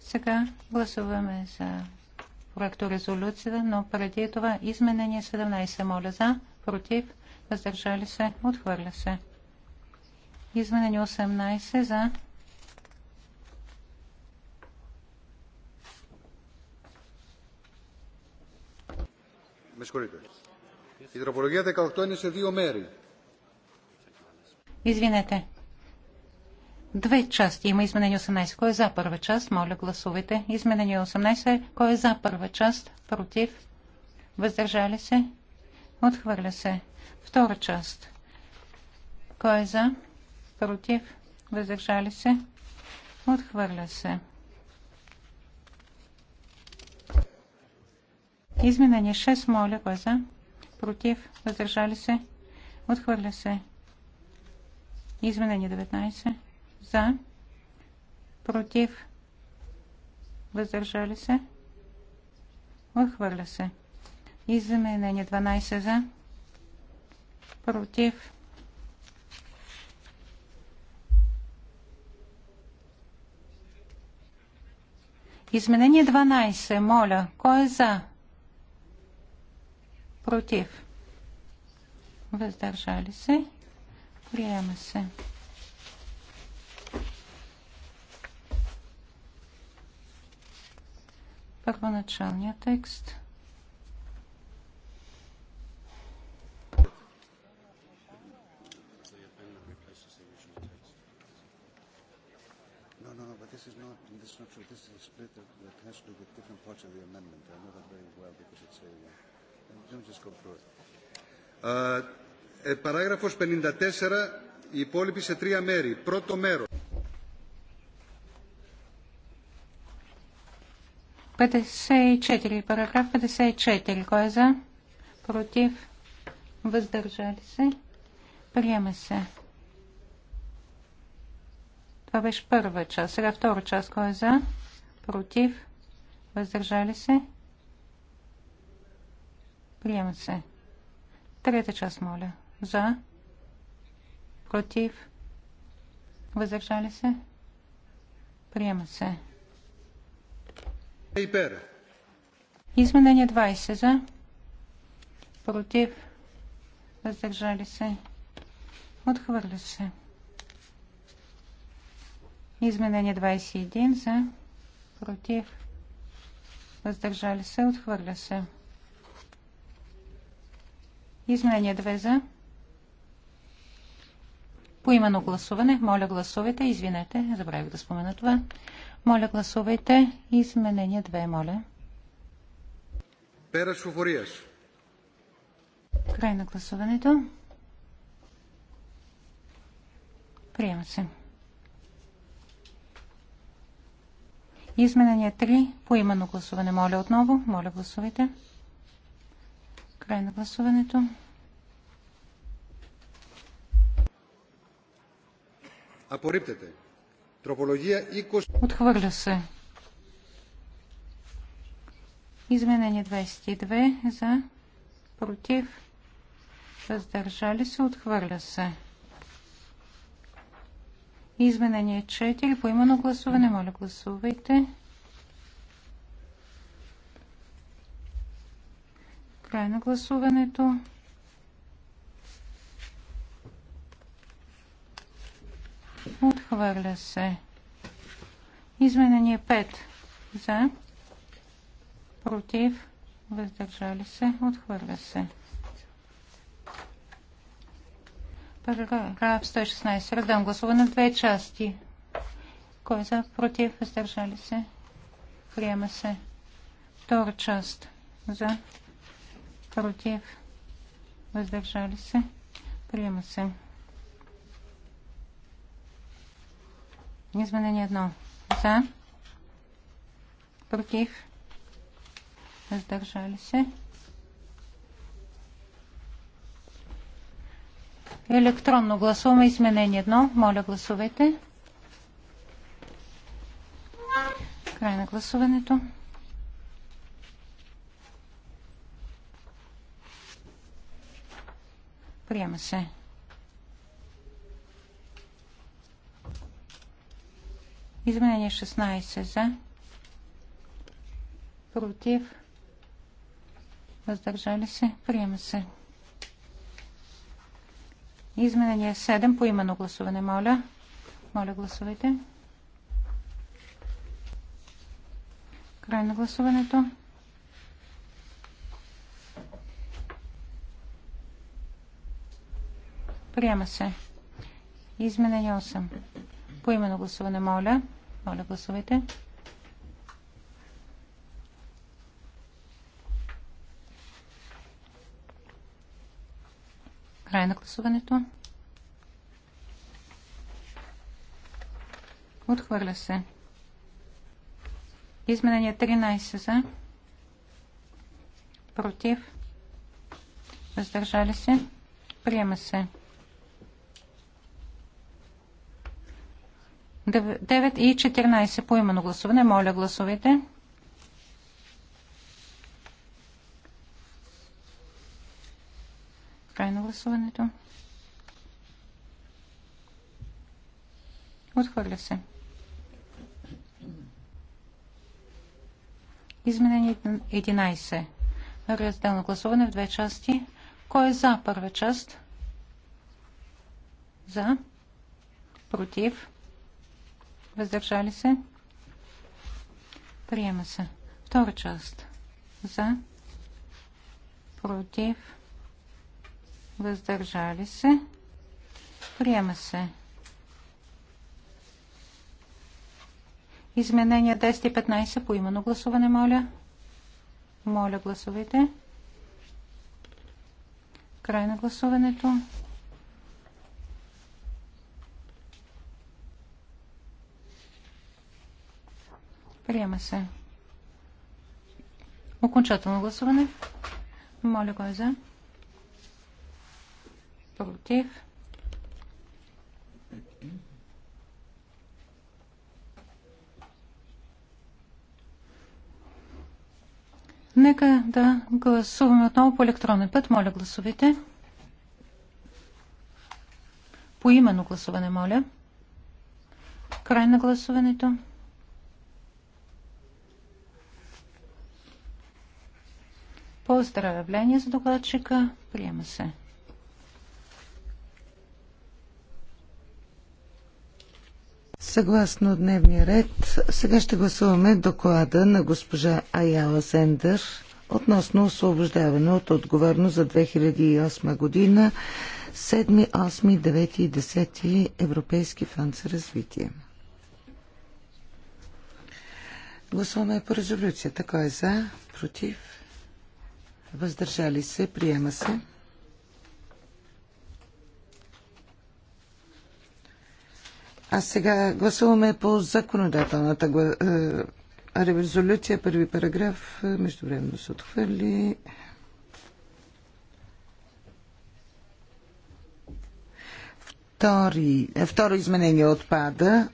сега гласуваме за проекто резолюцията, но преди това изменение 17 моля за против въздържали се отхвърля се изменение 18 за Με 18 είναι σε δύο μέρη. Извинете. Две части. Има изменение 18. Кой е за първа част? Моля, гласувайте. Изменение 18. Кой е за първа част? Против? Въздържали се? Отхвърля се. Втора част. Кой е за? Против? Въздържали се? Отхвърля се. Изменение 6. Моля, кой е за? Против. Въздържали се. Отхвърля се. Изменение 19. За. Против. Въздържали се. Отхвърля се. Изменение 12 за. Против. Изменение 12. Моля. Кой е за? против, въздържали се, приема се. Първоначалния текст. No, no, but this is not, this is not true. This is a split that, that has to do with different parts of the amendment. I know that very well because it's a... Uh, Ε, παράγραφος 54, η υπόλοιπη σε τρία μέρη. Πρώτο μέρο. 54, параграф 54. Кой Против? Въздържали се? Приема се. Това беше първа част. Сега втора част. Кой е за? Против? Въздържали се? Приема се. Трета част, моля. За. Против. Въздържали се. Приема се. Изменение 20 за. Против. Въздържали се. Отхвърля се. Изменение 21 за. Против. Въздържали се. Отхвърля се. Изменение 2 за. Поимено гласуване. Моля гласувайте. Извинете, забравих да спомена това. Моля гласувайте. Изменение 2, моля. Пера Шуфориеш. Край на гласуването. Приема се. Изменение 3. Поимено гласуване. Моля отново. Моля гласувайте. Край на гласуването. Апориптете. Тропология и кош... Отхвърля се. Изменение 22 за против. Въздържали се. Отхвърля се. Изменение 4. По именно гласуване. Моля гласувайте. Край на гласуването. Отхвърля се. Изменение 5. За. Против. Въздържали се. Отхвърля се. Параграф 116. Раздам гласуване в две части. Кой е за? Против. Въздържали се. Приема се. Втора част. За против, въздържали се, приема се. Изменение едно. За, против, въздържали се. Електронно гласуваме изменение едно. Моля, гласувайте. Край на гласуването. Приема се. Изменение 16 за. Против. Въздържали се. Приема се. Изменение 7 по именно гласуване, моля. Моля, гласувайте. Край на гласуването. Приема се. Изменение 8. По именно гласуване, моля. Моля, гласувайте. Край на гласуването. Отхвърля се. Изменение 13 за. Против. Въздържали се. Приема се. 9 и 14 по именно гласуване. Моля, гласувайте. Край на гласуването. Отхвърля се. Изменение 11. Разделно гласуване в две части. Кой е за първа част? За. Против въздържали се, приема се. Втора част за, против, въздържали се, приема се. Изменения 10 и 15 по именно гласуване, моля. Моля, гласувайте. Край на гласуването. Приема се. Окончателно гласуване. Моля, кой е за? Против. Нека да гласуваме отново по електронен път. Моля, гласовете. По именно гласуване, моля. Край на гласуването. Поздравление за докладчика. Приема се. Съгласно дневния ред, сега ще гласуваме доклада на госпожа Аяла Сендър относно освобождаване от отговорност за 2008 година 7, 8, 9 и 10 Европейски фонд за развитие. Гласуваме по резолюцията. Кой е за? Против? Въздържали се. Приема се. А сега гласуваме по законодателната е, резолюция. Първи параграф е, междувременно се отхвърли. Втори, е, второ изменение отпада.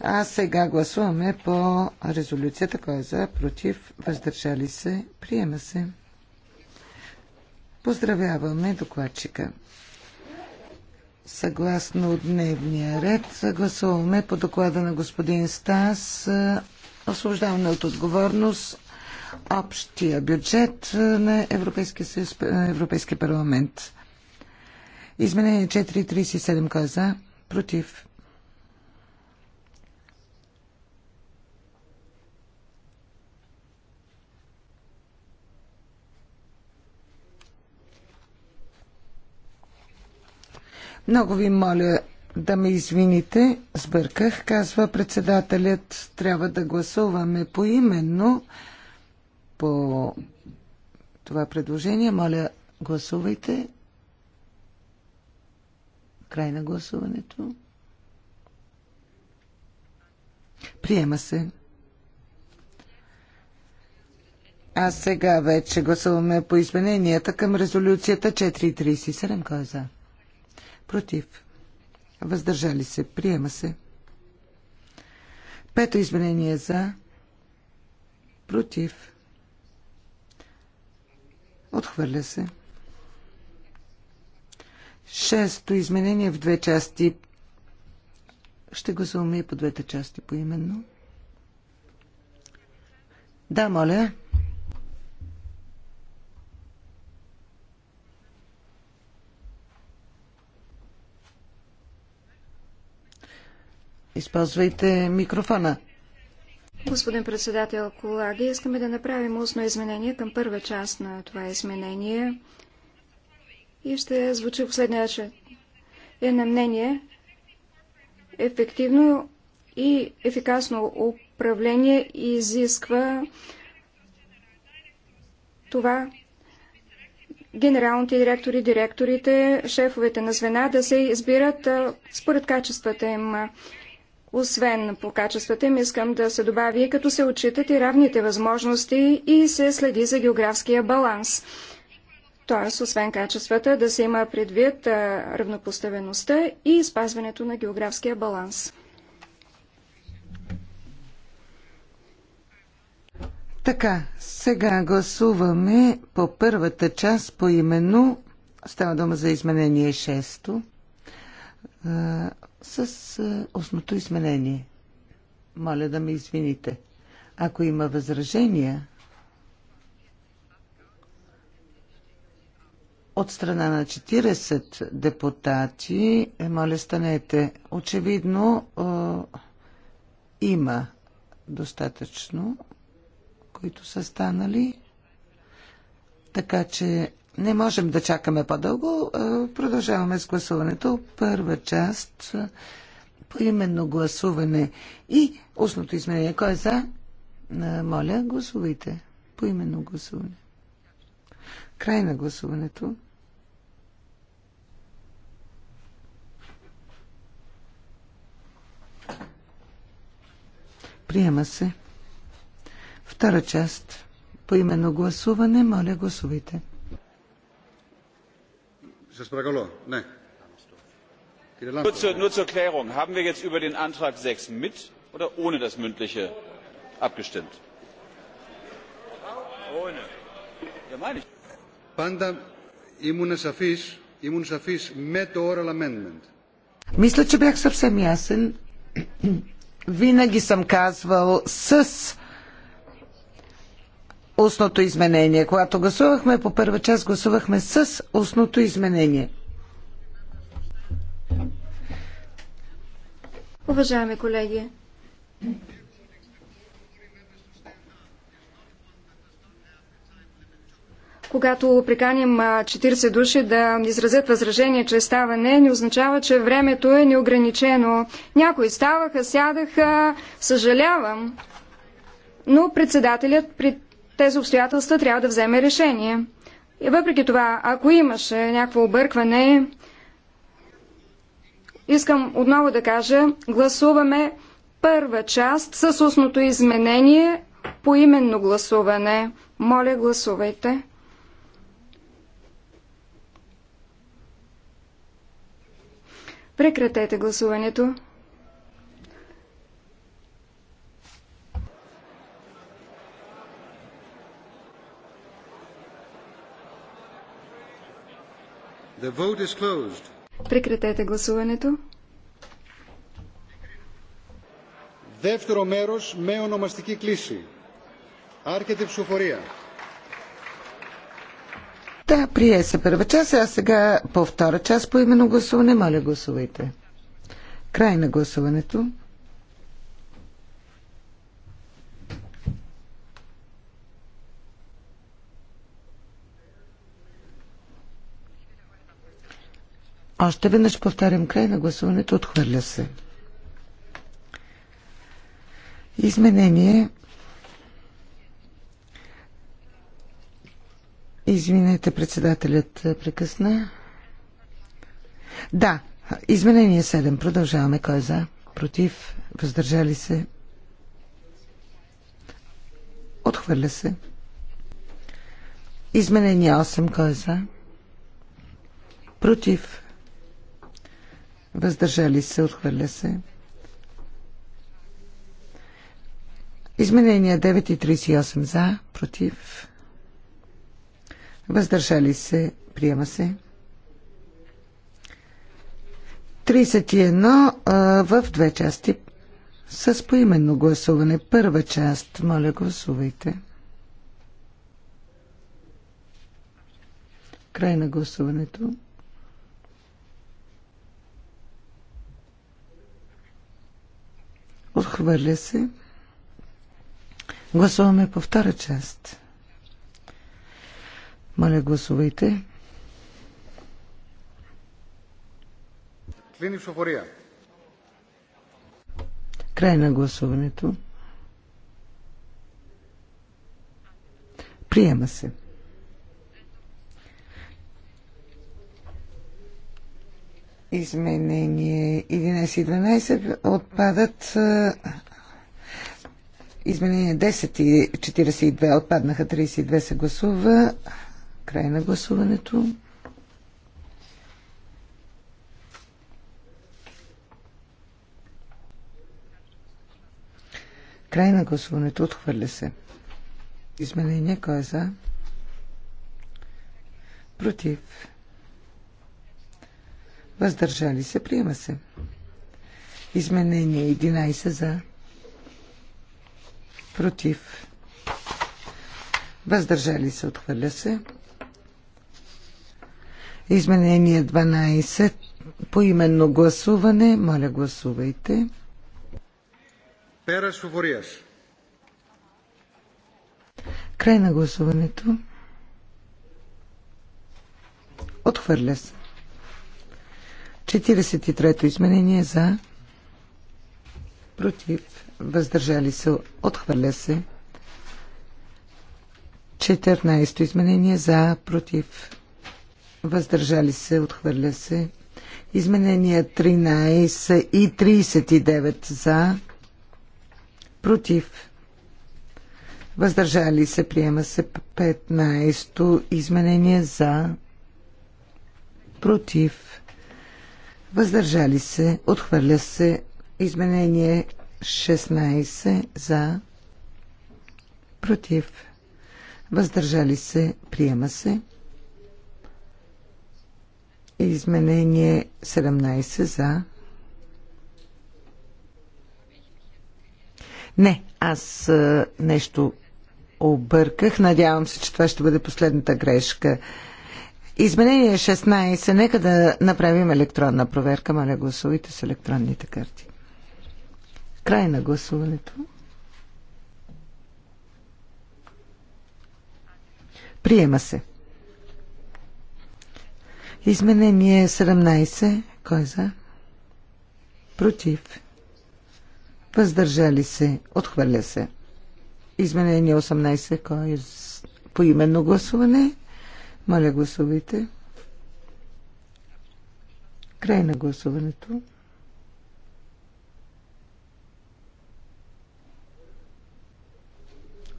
А сега гласуваме по резолюцията, кой е за, против, въздържали се, приема се. Поздравяваме докладчика. Съгласно дневния ред, гласуваме по доклада на господин Стас е, освобождаване от отговорност общия бюджет е, на Европейския съюз, е, Европейския парламент. Изменение 437 каза против. Много ви моля да ме извините, сбърках, казва председателят. Трябва да гласуваме поименно по това предложение. Моля, гласувайте. Край на гласуването. Приема се. А сега вече гласуваме по измененията към резолюцията 437. Кой е за? Против. Въздържали се. Приема се. Пето изменение е за. Против. Отхвърля се. Шесто изменение в две части. Ще гласуваме и по двете части поименно. Да, моля. Използвайте микрофона. Господин председател Колаги, искаме да направим устно изменение към първа част на това изменение. И ще звучи последния че е на мнение ефективно и ефикасно управление изисква това генералните директори, директорите, шефовете на звена да се избират според качествата им. Освен по качествата им, искам да се добави, като се отчитат и равните възможности и се следи за географския баланс. Тоест, освен качествата, да се има предвид равнопоставеността и спазването на географския баланс. Така, сега гласуваме по първата част по именно. Става дума за изменение 6 с устното изменение. Моля да ме извините. Ако има възражения от страна на 40 депутати, е, моля станете. Очевидно е, има достатъчно, които са станали. Така че не можем да чакаме по-дълго. Е, продължаваме с гласуването. Първа част е, по именно гласуване и устното изменение. Кой е за? Е, моля, гласувайте. По именно гласуване. Край на гласуването. Приема се. Втора част. По именно гласуване, моля гласувайте nur zur klärung haben wir jetzt über den antrag sechs mit oder ohne das mündliche abgestimmt? Мисля, че бях съвсем ясен. Винаги съм казвал с устното изменение. Когато гласувахме по първа част, гласувахме с устното изменение. Уважаеми колеги, когато приканим 40 души да изразят възражение, че ставане, не означава, че времето е неограничено. Някои ставаха, сядаха, съжалявам. Но председателят пред тези обстоятелства трябва да вземе решение. И въпреки това, ако имаше някакво объркване, искам отново да кажа, гласуваме първа част с устното изменение по именно гласуване. Моля, гласувайте. Прекратете гласуването. Прекратете гласуването. Δεύτερο μέρος με ονομαστική κλίση. Άρχεται ψηφοφορία. Да, прие се първа част, а сега по втора част по именно гласуване. Моля, гласувайте. Край на гласуването. Още веднъж повтарям край на гласуването. Отхвърля се. Изменение. Извинете, председателят прекъсна. Да, изменение 7. Продължаваме. Кой е за? Против? Въздържали се? Отхвърля се. Изменение 8. Кой е за? Против? въздържали се, отхвърля се. Изменения 9 и за, против, въздържали се, приема се. 31 а, в две части с поименно гласуване. Първа част, моля гласувайте. Край на гласуването. Отхвърля се. Гласуваме по втора част. Моля, гласувайте. Клини Софория. Край на гласуването. Приема се. Изменение 11 и 12 отпадат. Изменение 10 и 42 отпаднаха. 32 се гласува. Край на гласуването. Край на гласуването. Отхвърля се. Изменение кой е за? Против въздържали се, приема се. Изменение 11 за, против, въздържали се, отхвърля се. Изменение 12 по именно гласуване. Моля, гласувайте. Пера Фоворияс. Край на гласуването. Отхвърля се. 43-то изменение за против, въздържали се, отхвърля се. 14-то изменение за против, въздържали се, отхвърля се. Изменения 13 и 39 за против, въздържали се, приема се 15-то изменение за против въздържали се, отхвърля се изменение 16 за, против, въздържали се, приема се. Изменение 17 за. Не, аз нещо обърках. Надявам се, че това ще бъде последната грешка. Изменение 16. Нека да направим електронна проверка. Моля, гласувайте с електронните карти. Край на гласуването. Приема се. Изменение 17. Кой е за? Против. Въздържали се. Отхвърля се. Изменение 18. Кой е по именно гласуване? Моля, гласувайте. Край на гласуването.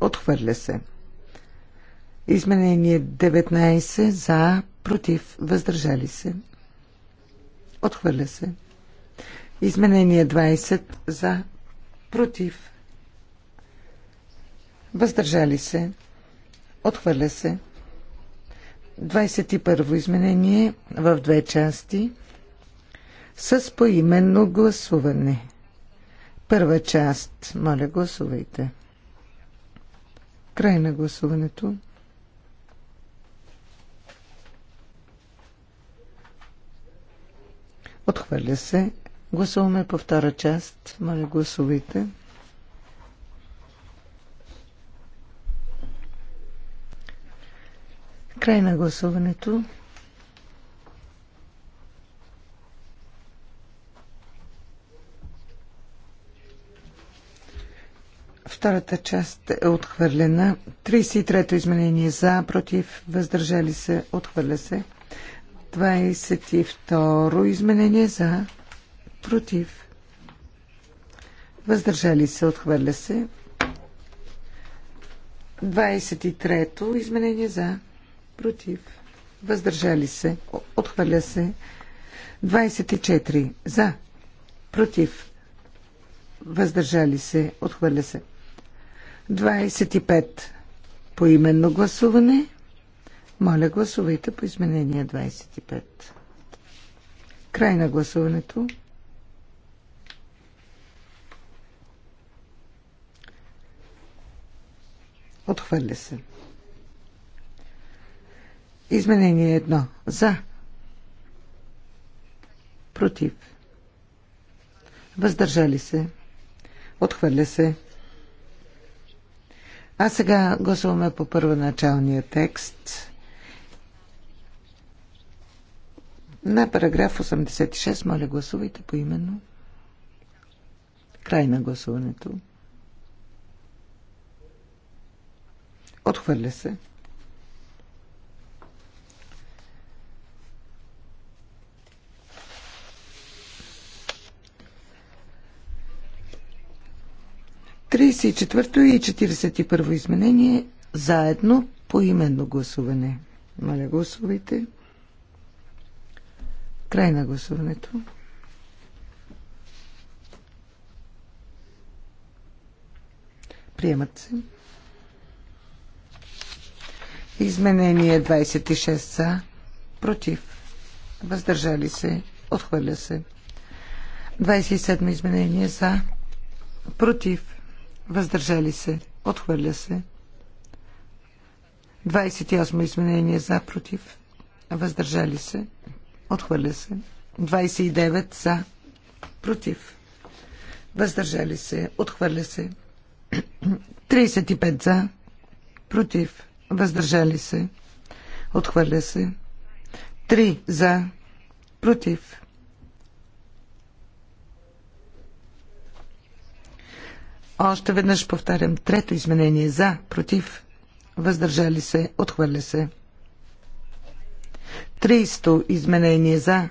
Отхвърля се. Изменение 19 за, против, въздържали се. Отхвърля се. Изменение 20 за, против, въздържали се. Отхвърля се. 21 изменение в две части с поименно гласуване. Първа част. Моля, гласувайте. Край на гласуването. Отхвърля се. Гласуваме по втора част. Моля, гласувайте. Край на гласуването. Втората част е отхвърлена. 33-то изменение за, против, въздържали се, отхвърля се. 22-ро изменение за, против, въздържали се, отхвърля се. 23-то изменение за, против, въздържали се, отхвърля се. 24 за, против, въздържали се, отхвърля се. 25 по именно гласуване. Моля, гласувайте по изменение 25. Край на гласуването. Отхвърля се. Изменение едно. За. Против. Въздържали се. Отхвърля се. А сега гласуваме по първоначалния текст на параграф 86. Моля, гласувайте по именно. Край на гласуването. Отхвърля се. 34-то и 41-во изменение заедно по именно гласуване. Моля, гласувайте. Край на гласуването. Приемат се. Изменение 26 са против. Въздържали се. Отхвърля се. 27 изменение за против въздържали се, отхвърля се. 28 изменение за, против, въздържали се, отхвърля се. 29 за, против, въздържали се, отхвърля се. 35 за, против, въздържали се, отхвърля се. 3 за, против, Още веднъж повтарям. Трето изменение. За, против, въздържали се, отхвърля се. Тристо изменение за,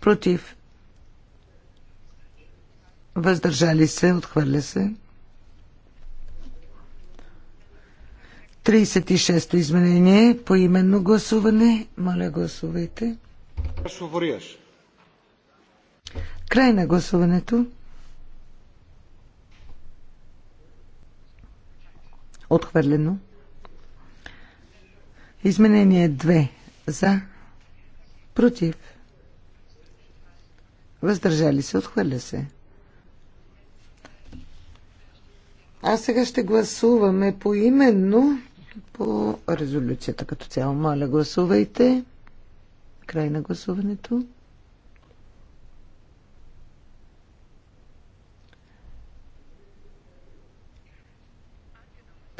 против, въздържали се, отхвърля се. 36-то изменение по именно гласуване. Моля, гласувайте. Край на гласуването. Отхвърлено. Изменение 2. За. Против. Въздържали се. Отхвърля се. А сега ще гласуваме по именно по резолюцията като цяло. Моля, гласувайте. Край на гласуването.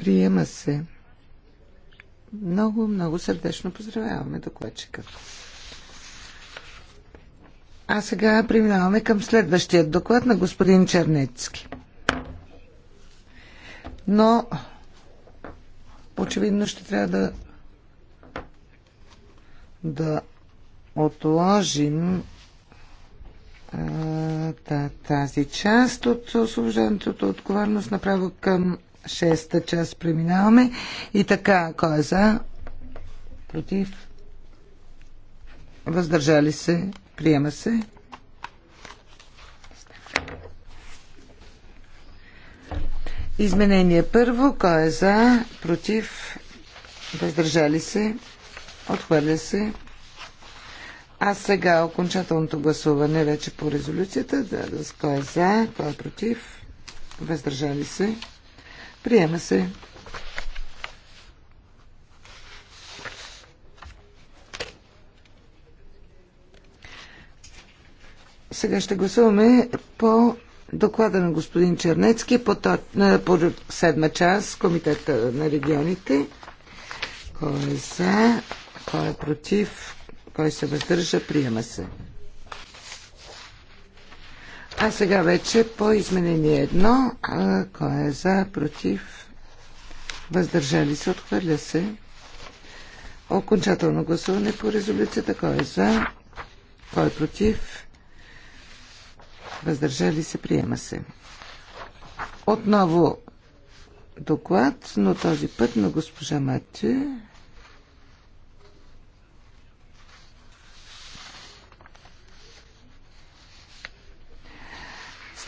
Приема се. Много, много сърдечно поздравяваме докладчика. А сега преминаваме към следващия доклад на господин Чернецки. Но очевидно ще трябва да да отложим а, тази част от освобождането от отговорност направо към шеста част преминаваме. И така, кой е за? Против? Въздържали се? Приема се? Изменение първо. Кой е за? Против? Въздържали се? Отхвърля се? А сега окончателното гласуване вече по резолюцията. Да, да, кой е за? Кой е против? Въздържали се? Приема се. Сега ще гласуваме по доклада на господин Чернецки по, то, по седма част Комитета на регионите. Кой е за, кой е против, кой се въздържа, приема се. А сега вече по изменение едно. А, кой е за, против, въздържали се, отхвърля се. Окончателно гласуване по резолюцията. Кой е за, кой е против, въздържали се, приема се. Отново доклад, но този път на госпожа Матю.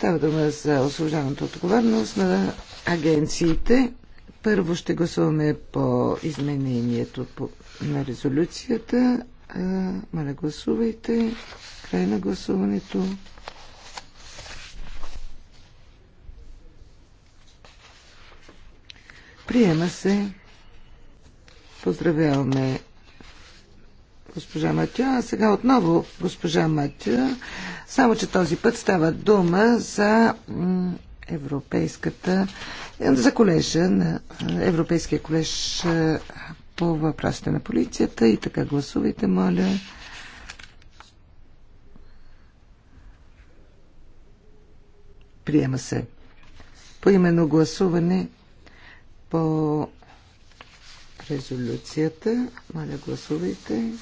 Става дума за освобождаването отговорност на агенциите. Първо ще гласуваме по изменението на резолюцията. Моля, гласувайте. Край на гласуването. Приема се. Поздравяваме госпожа Матя. А сега отново госпожа Матя. Само, че този път става дума за Европейската, за колежа на Европейския колеж по въпросите на полицията и така гласувайте, моля. Приема се. По именно гласуване по резолюцията. Моля, гласувайте.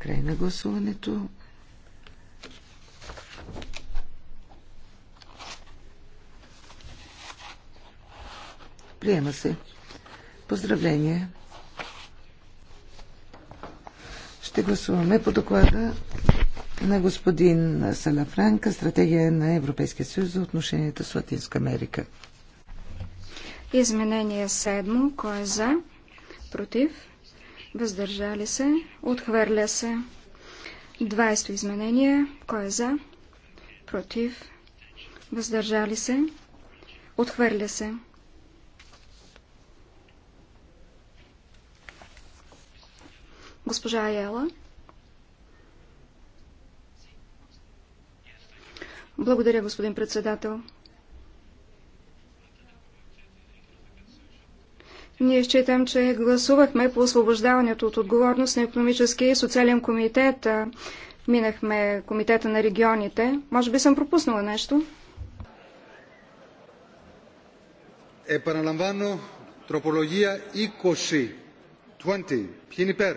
Край на гласуването. Приема се. Поздравление. Ще гласуваме по доклада на господин Салафранка Стратегия на Европейския съюз за отношенията с Латинска Америка. Изменение седмо. Кой е за? Против? въздържали се, отхвърля се. 20 изменение, кой е за, против, въздържали се, отхвърля се. Госпожа Аяла. Благодаря, господин председател. Ние считам, че гласувахме по освобождаването от отговорност на економически и социален комитет. Минахме комитета на регионите. Може би съм пропуснала нещо. Епаналамвано, тропология 20. 20. Ποιοι είναι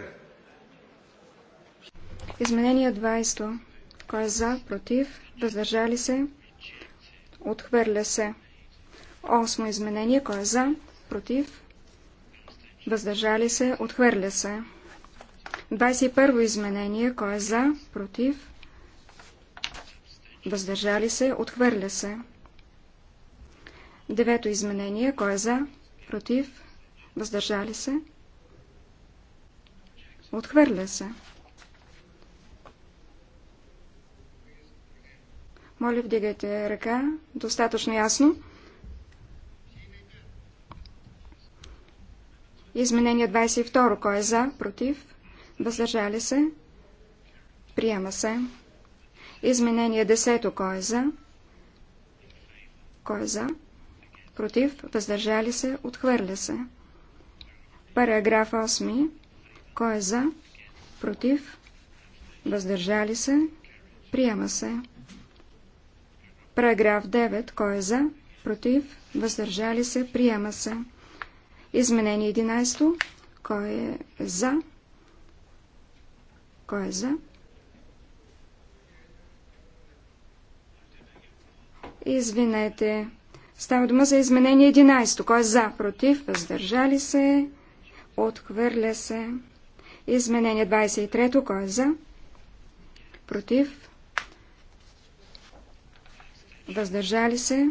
Изменение 20. Кой е за, против, въздържали се, отхвърля се. Осмо изменение. Кой е за, против, въздържали се, отхвърля се. 21 во изменение, кой е за, против, въздържали се, отхвърля се. Девето изменение, кой е за, против, въздържали се, отхвърля се. Моля, вдигайте ръка, достатъчно ясно. Изменение 22. Кой е за? Против? Въздържали се? Приема се. Изменение 10. Кой е за? Кой е за? Против? Въздържали се? Отхвърля се. Параграф 8. Кой е за? Против? Въздържали се? Приема се. Параграф 9. Кой е за? Против? Въздържали се? Приема се. Изменение 11. Кой е за? Кой е за? Извинете. Става дума за изменение 11. Кой е за? Против? Въздържали се? Отхвърля се. Изменение 23. Кой е за? Против? Въздържали се?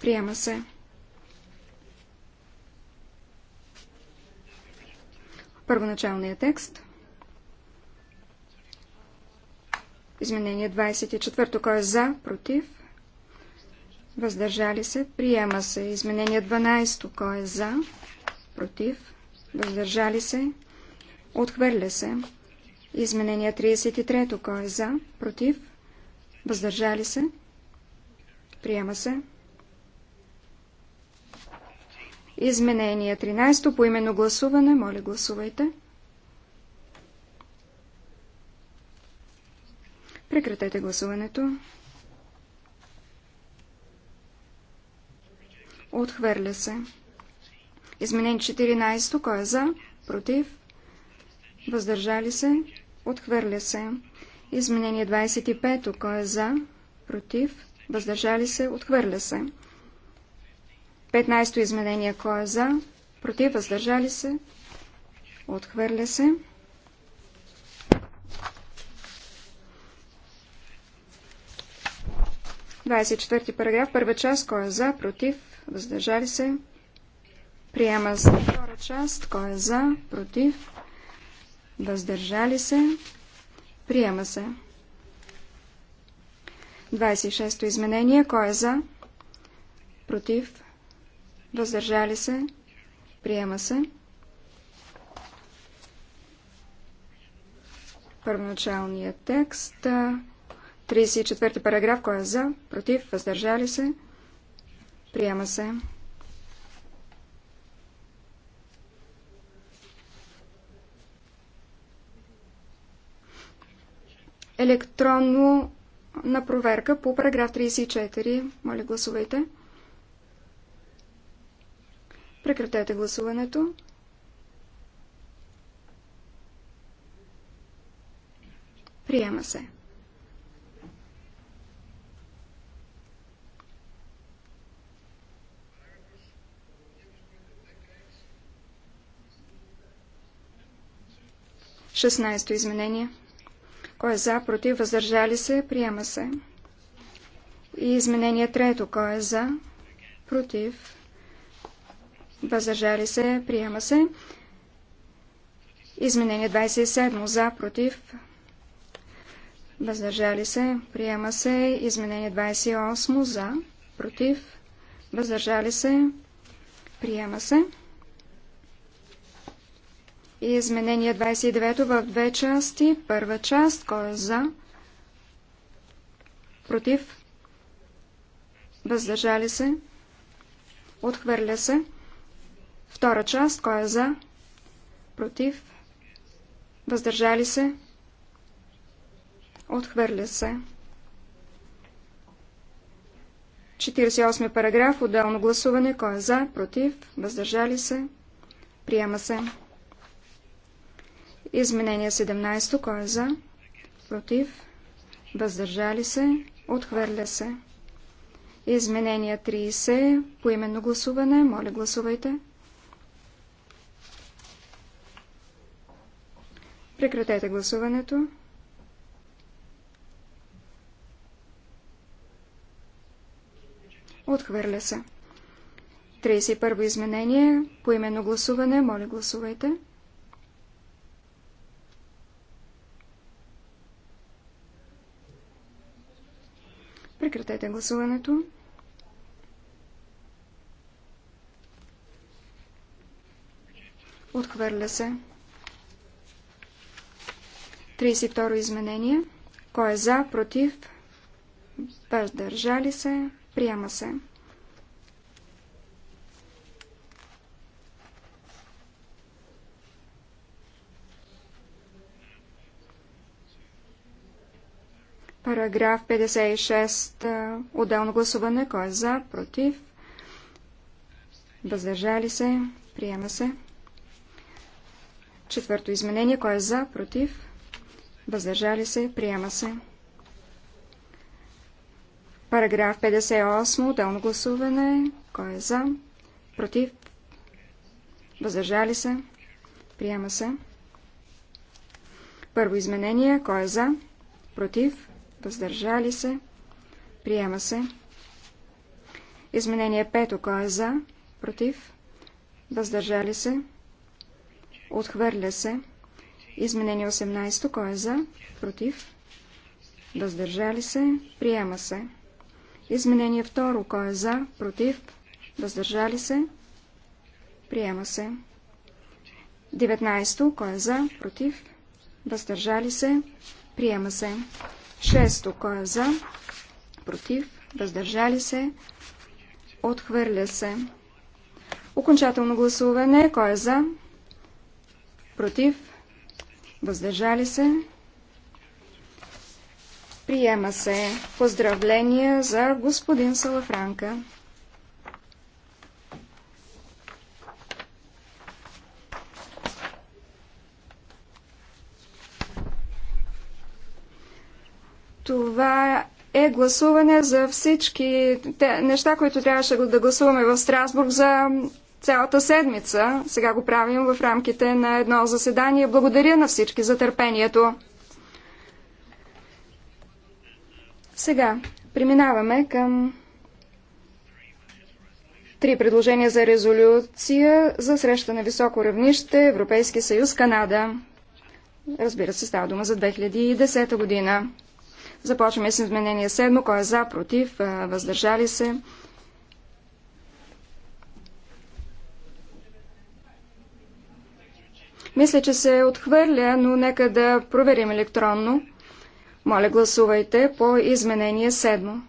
Приема се. първоначалния текст. Изменение 24. Кой е за? Против? Въздържали се? Приема се. Изменение 12. Кой е за? Против? Въздържали се? Отхвърля се. Изменение 33. Кой е за? Против? Въздържали се? Приема се. Изменение 13 по именно гласуване. Моля, гласувайте. Прекратете гласуването. Отхвърля се. Изменение 14. Кой е за? Против? Въздържали се? Отхвърля се. Изменение 25. Кой е за? Против? Въздържали се? Отхвърля се. 15-то изменение. Кой е за? Против? Въздържали се? Отхвърля се. Двадесет четвърти параграф, първа част, кой е за, против, въздържали се. Приема се втора част, кой е за, против, въздържали се. Приема се. 26-то изменение, кой е за, против, Въздържали се. Приема се. Първоначалният текст. 34 параграф. Кой е за? Против? Въздържали се. Приема се. електронно на проверка по параграф 34. Моля, гласувайте. Прекратете гласуването. Приема се. Шестнайсто изменение. Кой е за, против, въздържали се, приема се. И изменение трето. Кой е за, против, въздържали се, приема се. Изменение 27 за, против, въздържали се, приема се. Изменение 28 за, против, въздържали се, приема се. И изменение 29 в две части. Първа част, кой е за, против, въздържали се, отхвърля се. Втора част, кой е за? Против? Въздържали се? Отхвърля се. 48 параграф, отделно гласуване, кой е за, против, въздържали се, приема се. Изменение 17, кой е за, против, въздържали се, отхвърля се. Изменение 30, поименно гласуване, моля гласувайте. Прекратете гласуването. Отхвърля се. 31 во изменение. По именно гласуване. Моля, гласувайте. Прекратете гласуването. Отхвърля се. 32 изменение. Кой е за, против, въздържали се, приема се. Параграф 56. Отделно гласуване. Кой е за, против, въздържали се, приема се. Четвърто изменение. Кой е за, против, въздържали се, приема се. Параграф 58, отделно гласуване, кой е за, против, въздържали се, приема се. Първо изменение, кой е за, против, въздържали се, приема се. Изменение 5, кой е за, против, въздържали се, отхвърля се. Изменение 18. Кой е за? Против? Въздържали се? Приема се. Изменение 2. Кой е за? Против? Въздържали се? Приема се. 19. Кой е за? Против? Въздържали се? Приема се. 6. Кой е за? Против? Въздържали се? Отхвърля се. Окончателно гласуване. Кой е за? Против? въздържали се. Приема се поздравления за господин Салафранка. Това е гласуване за всички те, неща, които трябваше да гласуваме в Страсбург за цялата седмица. Сега го правим в рамките на едно заседание. Благодаря на всички за търпението. Сега преминаваме към три предложения за резолюция за среща на високо равнище Европейски съюз Канада. Разбира се, става дума за 2010 година. Започваме с изменение 7. Кой е за, против, въздържали се? Мисля, че се отхвърля, но нека да проверим електронно. Моля, гласувайте по изменение 7.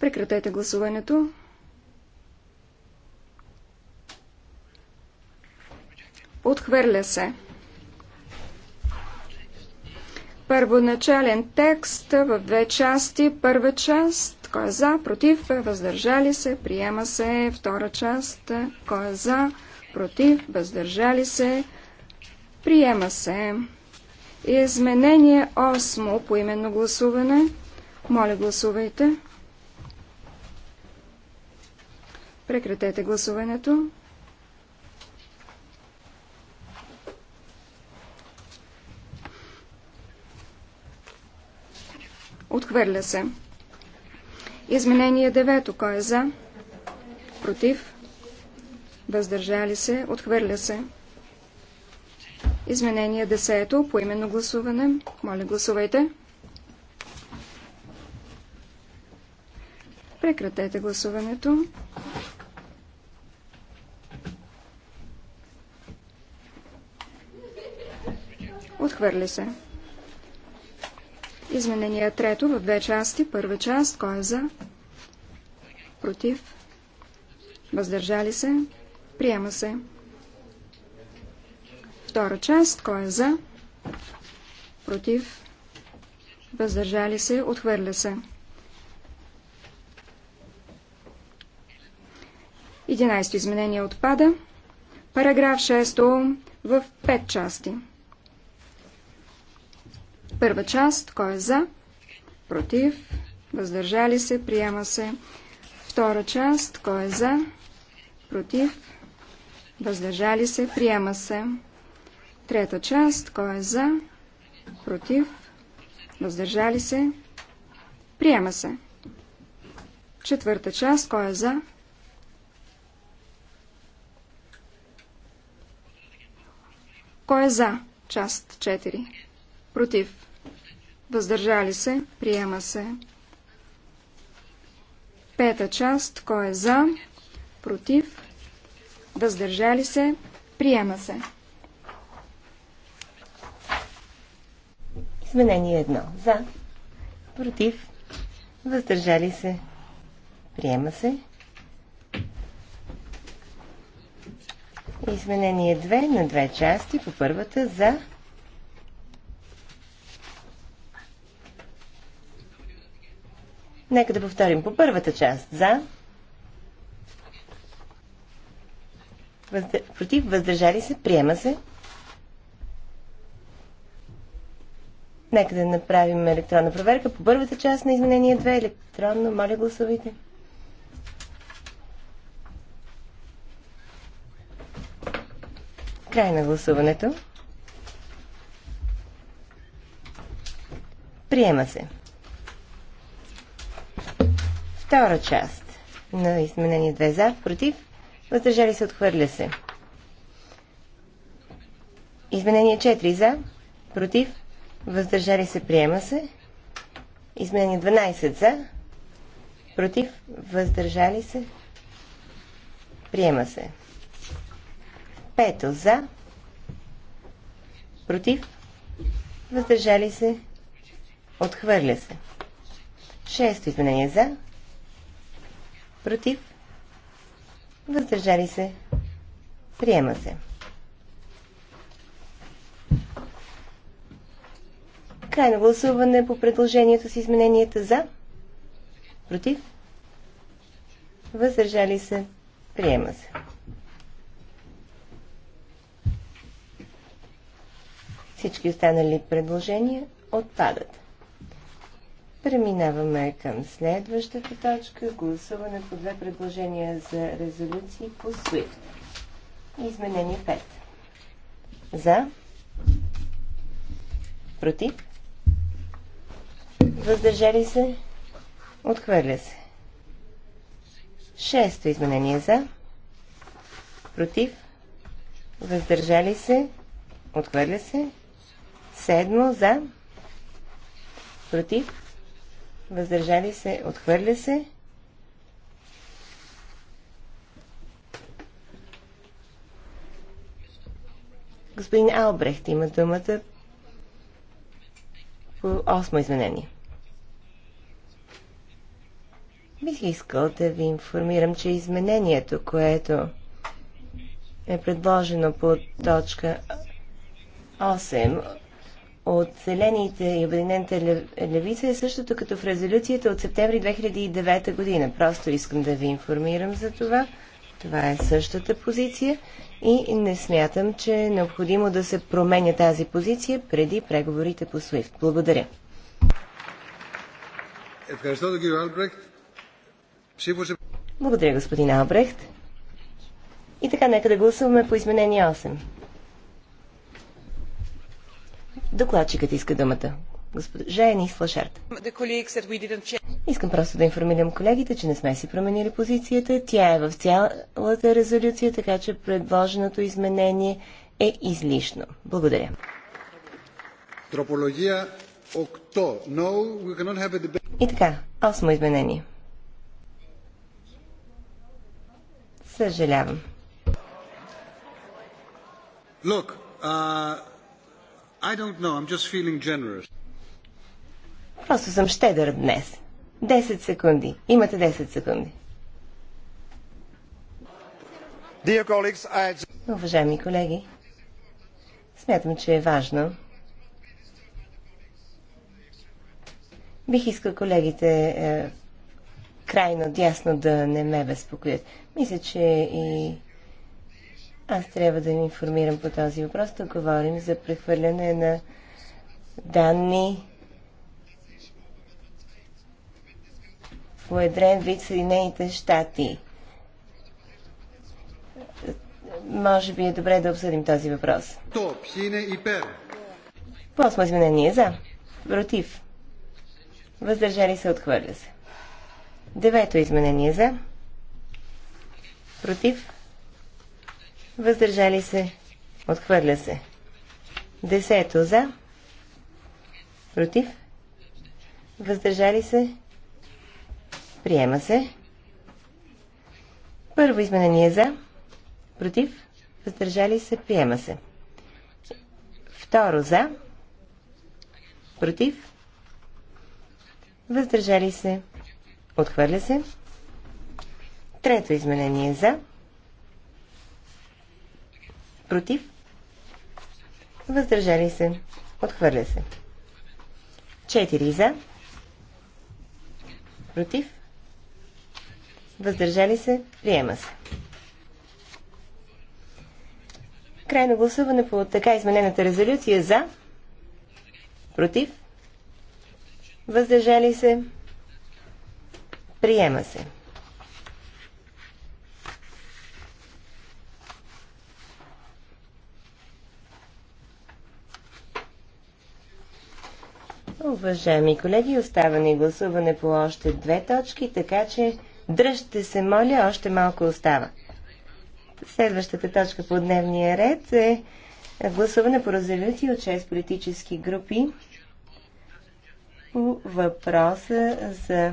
Прекратете гласуването. Отхвърля се. Първоначален текст в две части. Първа част, кой е за, против, въздържали се, приема се. Втора част, кой е за, против, въздържали се, приема се. Изменение 8 по именно гласуване. Моля, гласувайте. Прекратете гласуването. Отхвърля се. Изменение 9. Кой е за? Против? въздържали се, отхвърля се. Изменение 10 по именно гласуване. Моля, гласувайте. Прекратете гласуването. Отхвърли се. Изменение трето в две части. Първа част. Кой е за? Против. Въздържали се. Приема се. Втора част. Кой е за? Против. Въздържали се. Отхвърля се. 11 изменение отпада. Параграф 6 в 5 части. Първа част. Кой е за? Против. Въздържали се. Приема се. Втора част. Кой е за? Против въздържали се, приема се. Трета част, кой е за, против, въздържали се, приема се. Четвърта част, кой е за, Кой е за? Част 4. Против. Въздържали се. Приема се. Пета част. Кой е за? Против въздържали се, приема се. Изменение едно За, против, въздържали се, приема се. Изменение 2 на две части. По първата за Нека да повторим по първата част. За, Въздър... Против, въздържали се, приема се. Нека да направим електронна проверка по първата част на изменение 2. Електронно, моля гласувайте. Край на гласуването. Приема се. Втора част на изменение 2 за, против, Въздържали се, отхвърля се. Изменение 4 за, против, въздържали се, приема се. Изменение 12 за, против, въздържали се, приема се. Пето за, против, въздържали се, отхвърля се. Шесто изменение за, против, Въздържали се. Приема се. Крайно гласуване по предложението с измененията за. Против. Въздържали се. Приема се. Всички останали предложения отпадат. Преминаваме към следващата точка. Гласуване по две предложения за резолюции по SWIFT. Изменение 5. За. Против. Въздържали се. Отхвърля се. Шесто изменение за. Против. Въздържали се. Отхвърля се. Седмо за. Против въздържали се, отхвърля се. Господин Албрехт има думата по осмо изменение. Бих искал да ви информирам, че изменението, което е предложено по точка 8 от Зелените и обединените левица е същото като в резолюцията от септември 2009 година. Просто искам да ви информирам за това. Това е същата позиция и не смятам, че е необходимо да се променя тази позиция преди преговорите по SWIFT. Благодаря. Благодаря, господин Албрехт. И така, нека да гласуваме по изменение 8. Докладчикът иска думата. Госпожа Енис Лашарт. Искам просто да информирам колегите, че не сме си променили позицията. Тя е в цялата резолюция, така че предложеното изменение е излишно. Благодаря. Тропология 8. No, we cannot have a debate. И така, осмо изменение. Съжалявам. Look, uh... I don't know. I'm just feeling generous. Просто съм щедър днес. 10 секунди. Имате 10 секунди. I... Уважаеми колеги, смятам, че е важно. Бих искал колегите е, крайно дясно да не ме безпокоят. Мисля, че и аз трябва да ви информирам по този въпрос. Тук говорим за прехвърляне на данни по едрен вид Съединените щати. Може би е добре да обсъдим този въпрос. Топ, сине и пер. Осмо изменение за. Против. Въздържали се, отхвърля се. Девето изменение за. Против. Въздържали се. Отхвърля се. Десето за. Против. Въздържали се. Приема се. Първо изменение за. Против. Въздържали се. Приема се. Второ за. Против. Въздържали се. Отхвърля се. Трето изменение за. Против? Въздържали се. Отхвърля се. 4 за. Против? Въздържали се. Приема се. Крайно гласуване по така изменената резолюция за. Против? Въздържали се. Приема се. Уважаеми колеги, остава ни гласуване по още две точки, така че дръжте се, моля, още малко остава. Следващата точка по дневния ред е гласуване по резолюции от 6 политически групи по въпроса за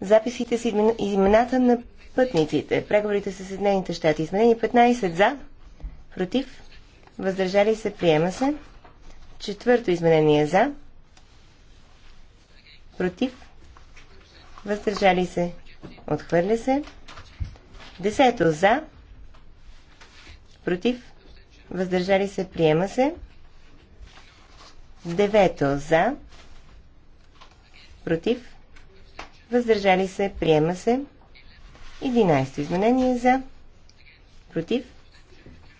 записите с имената на пътниците. Преговорите с Съединените щати. Изменени 15 за, против, въздържали се, приема се. Четвърто изменение за, против, въздържали се, отхвърля се. Десето за, против, въздържали се, приема се. Девето за, против, въздържали се, приема се. Единайсто изменение за, против,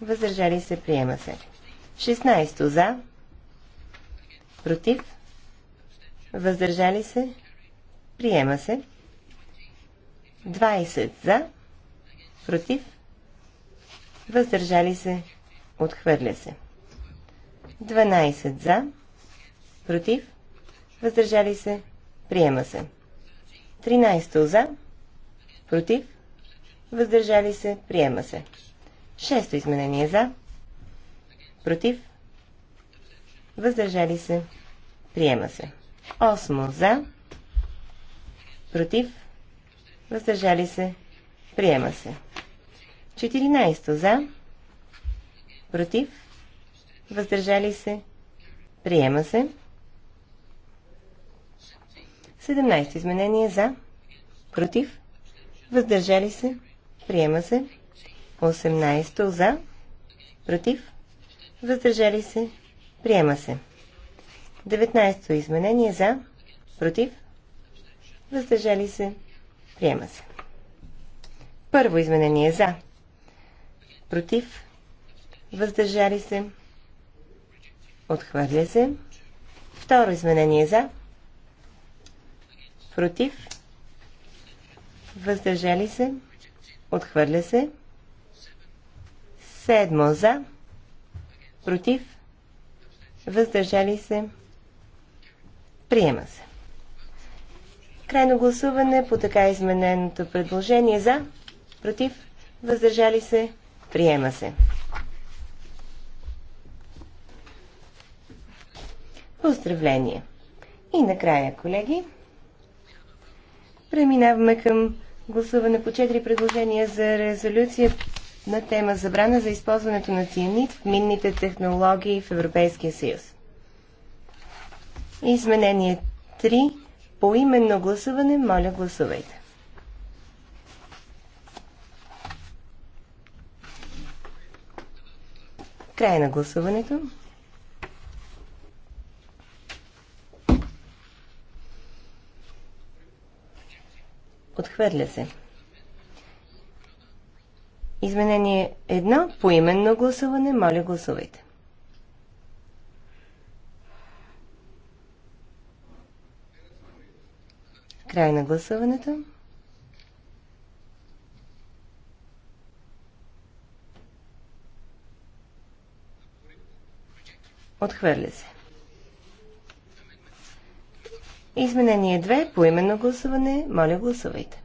въздържали се, приема се. 16 за, против, Въздържали се? Приема се. 20 за. Против? Въздържали се? Отхвърля се. 12 за. Против? Въздържали се? Приема се. 13 за. Против? Въздържали се? Приема се. 6 изменение за. Против? Въздържали се? Приема се. 8 за. Против. Въздържали се. Приема се. 14 за. Против. Въздържали се. Приема се. 17 изменение за. Против. Въздържали се. Приема се. 18 за. Против. Въздържали се. Приема се. 19-то изменение за, против, въздържали се, приема се. Първо изменение за, против, въздържали се, отхвърля се. Второ изменение за, против, въздържали се, отхвърля се. Седмо за, против, въздържали се, Приема се. Крайно гласуване по така измененото предложение за, против, въздържали се, приема се. Поздравление! И накрая, колеги, преминаваме към гласуване по 4 предложения за резолюция на тема забрана за използването на цианит в минните технологии в Европейския съюз. Изменение 3 по именно гласуване. Моля, гласувайте. Край на гласуването. Отхвърля се. Изменение 1 по именно гласуване. Моля, гласувайте. Край на гласуването. Отхвърля се. Изменение 2. по именно гласуване. Моля, гласувайте.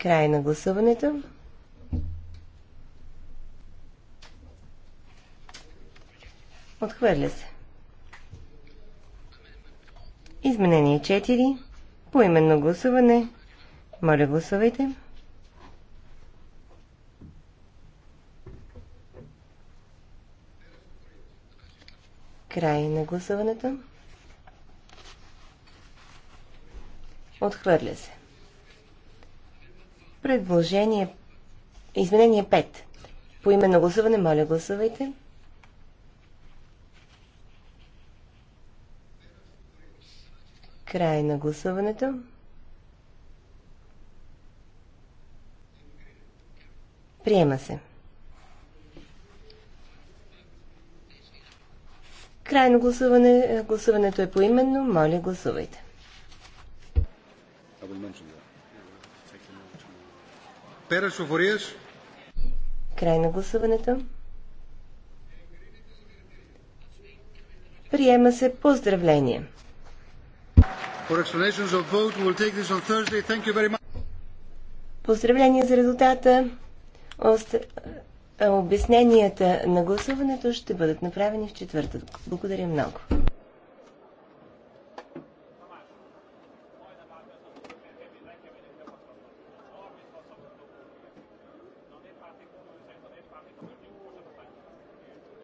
Край на гласуването. Отхвърля се. Изменение 4. Поименно гласуване. Моля, гласувайте. Край на гласуването. Отхвърля се. Предложение. Изменение 5. По име на гласуване, моля гласувайте. Край на гласуването. Приема се. Крайно гласуване. Гласуването е поименно. Моля, гласувайте. Пера Софориеш. Край на гласуването. Приема се поздравление. Поздравления за резултата. Е, обясненията на гласуването ще бъдат направени в четвъртък. Благодаря много.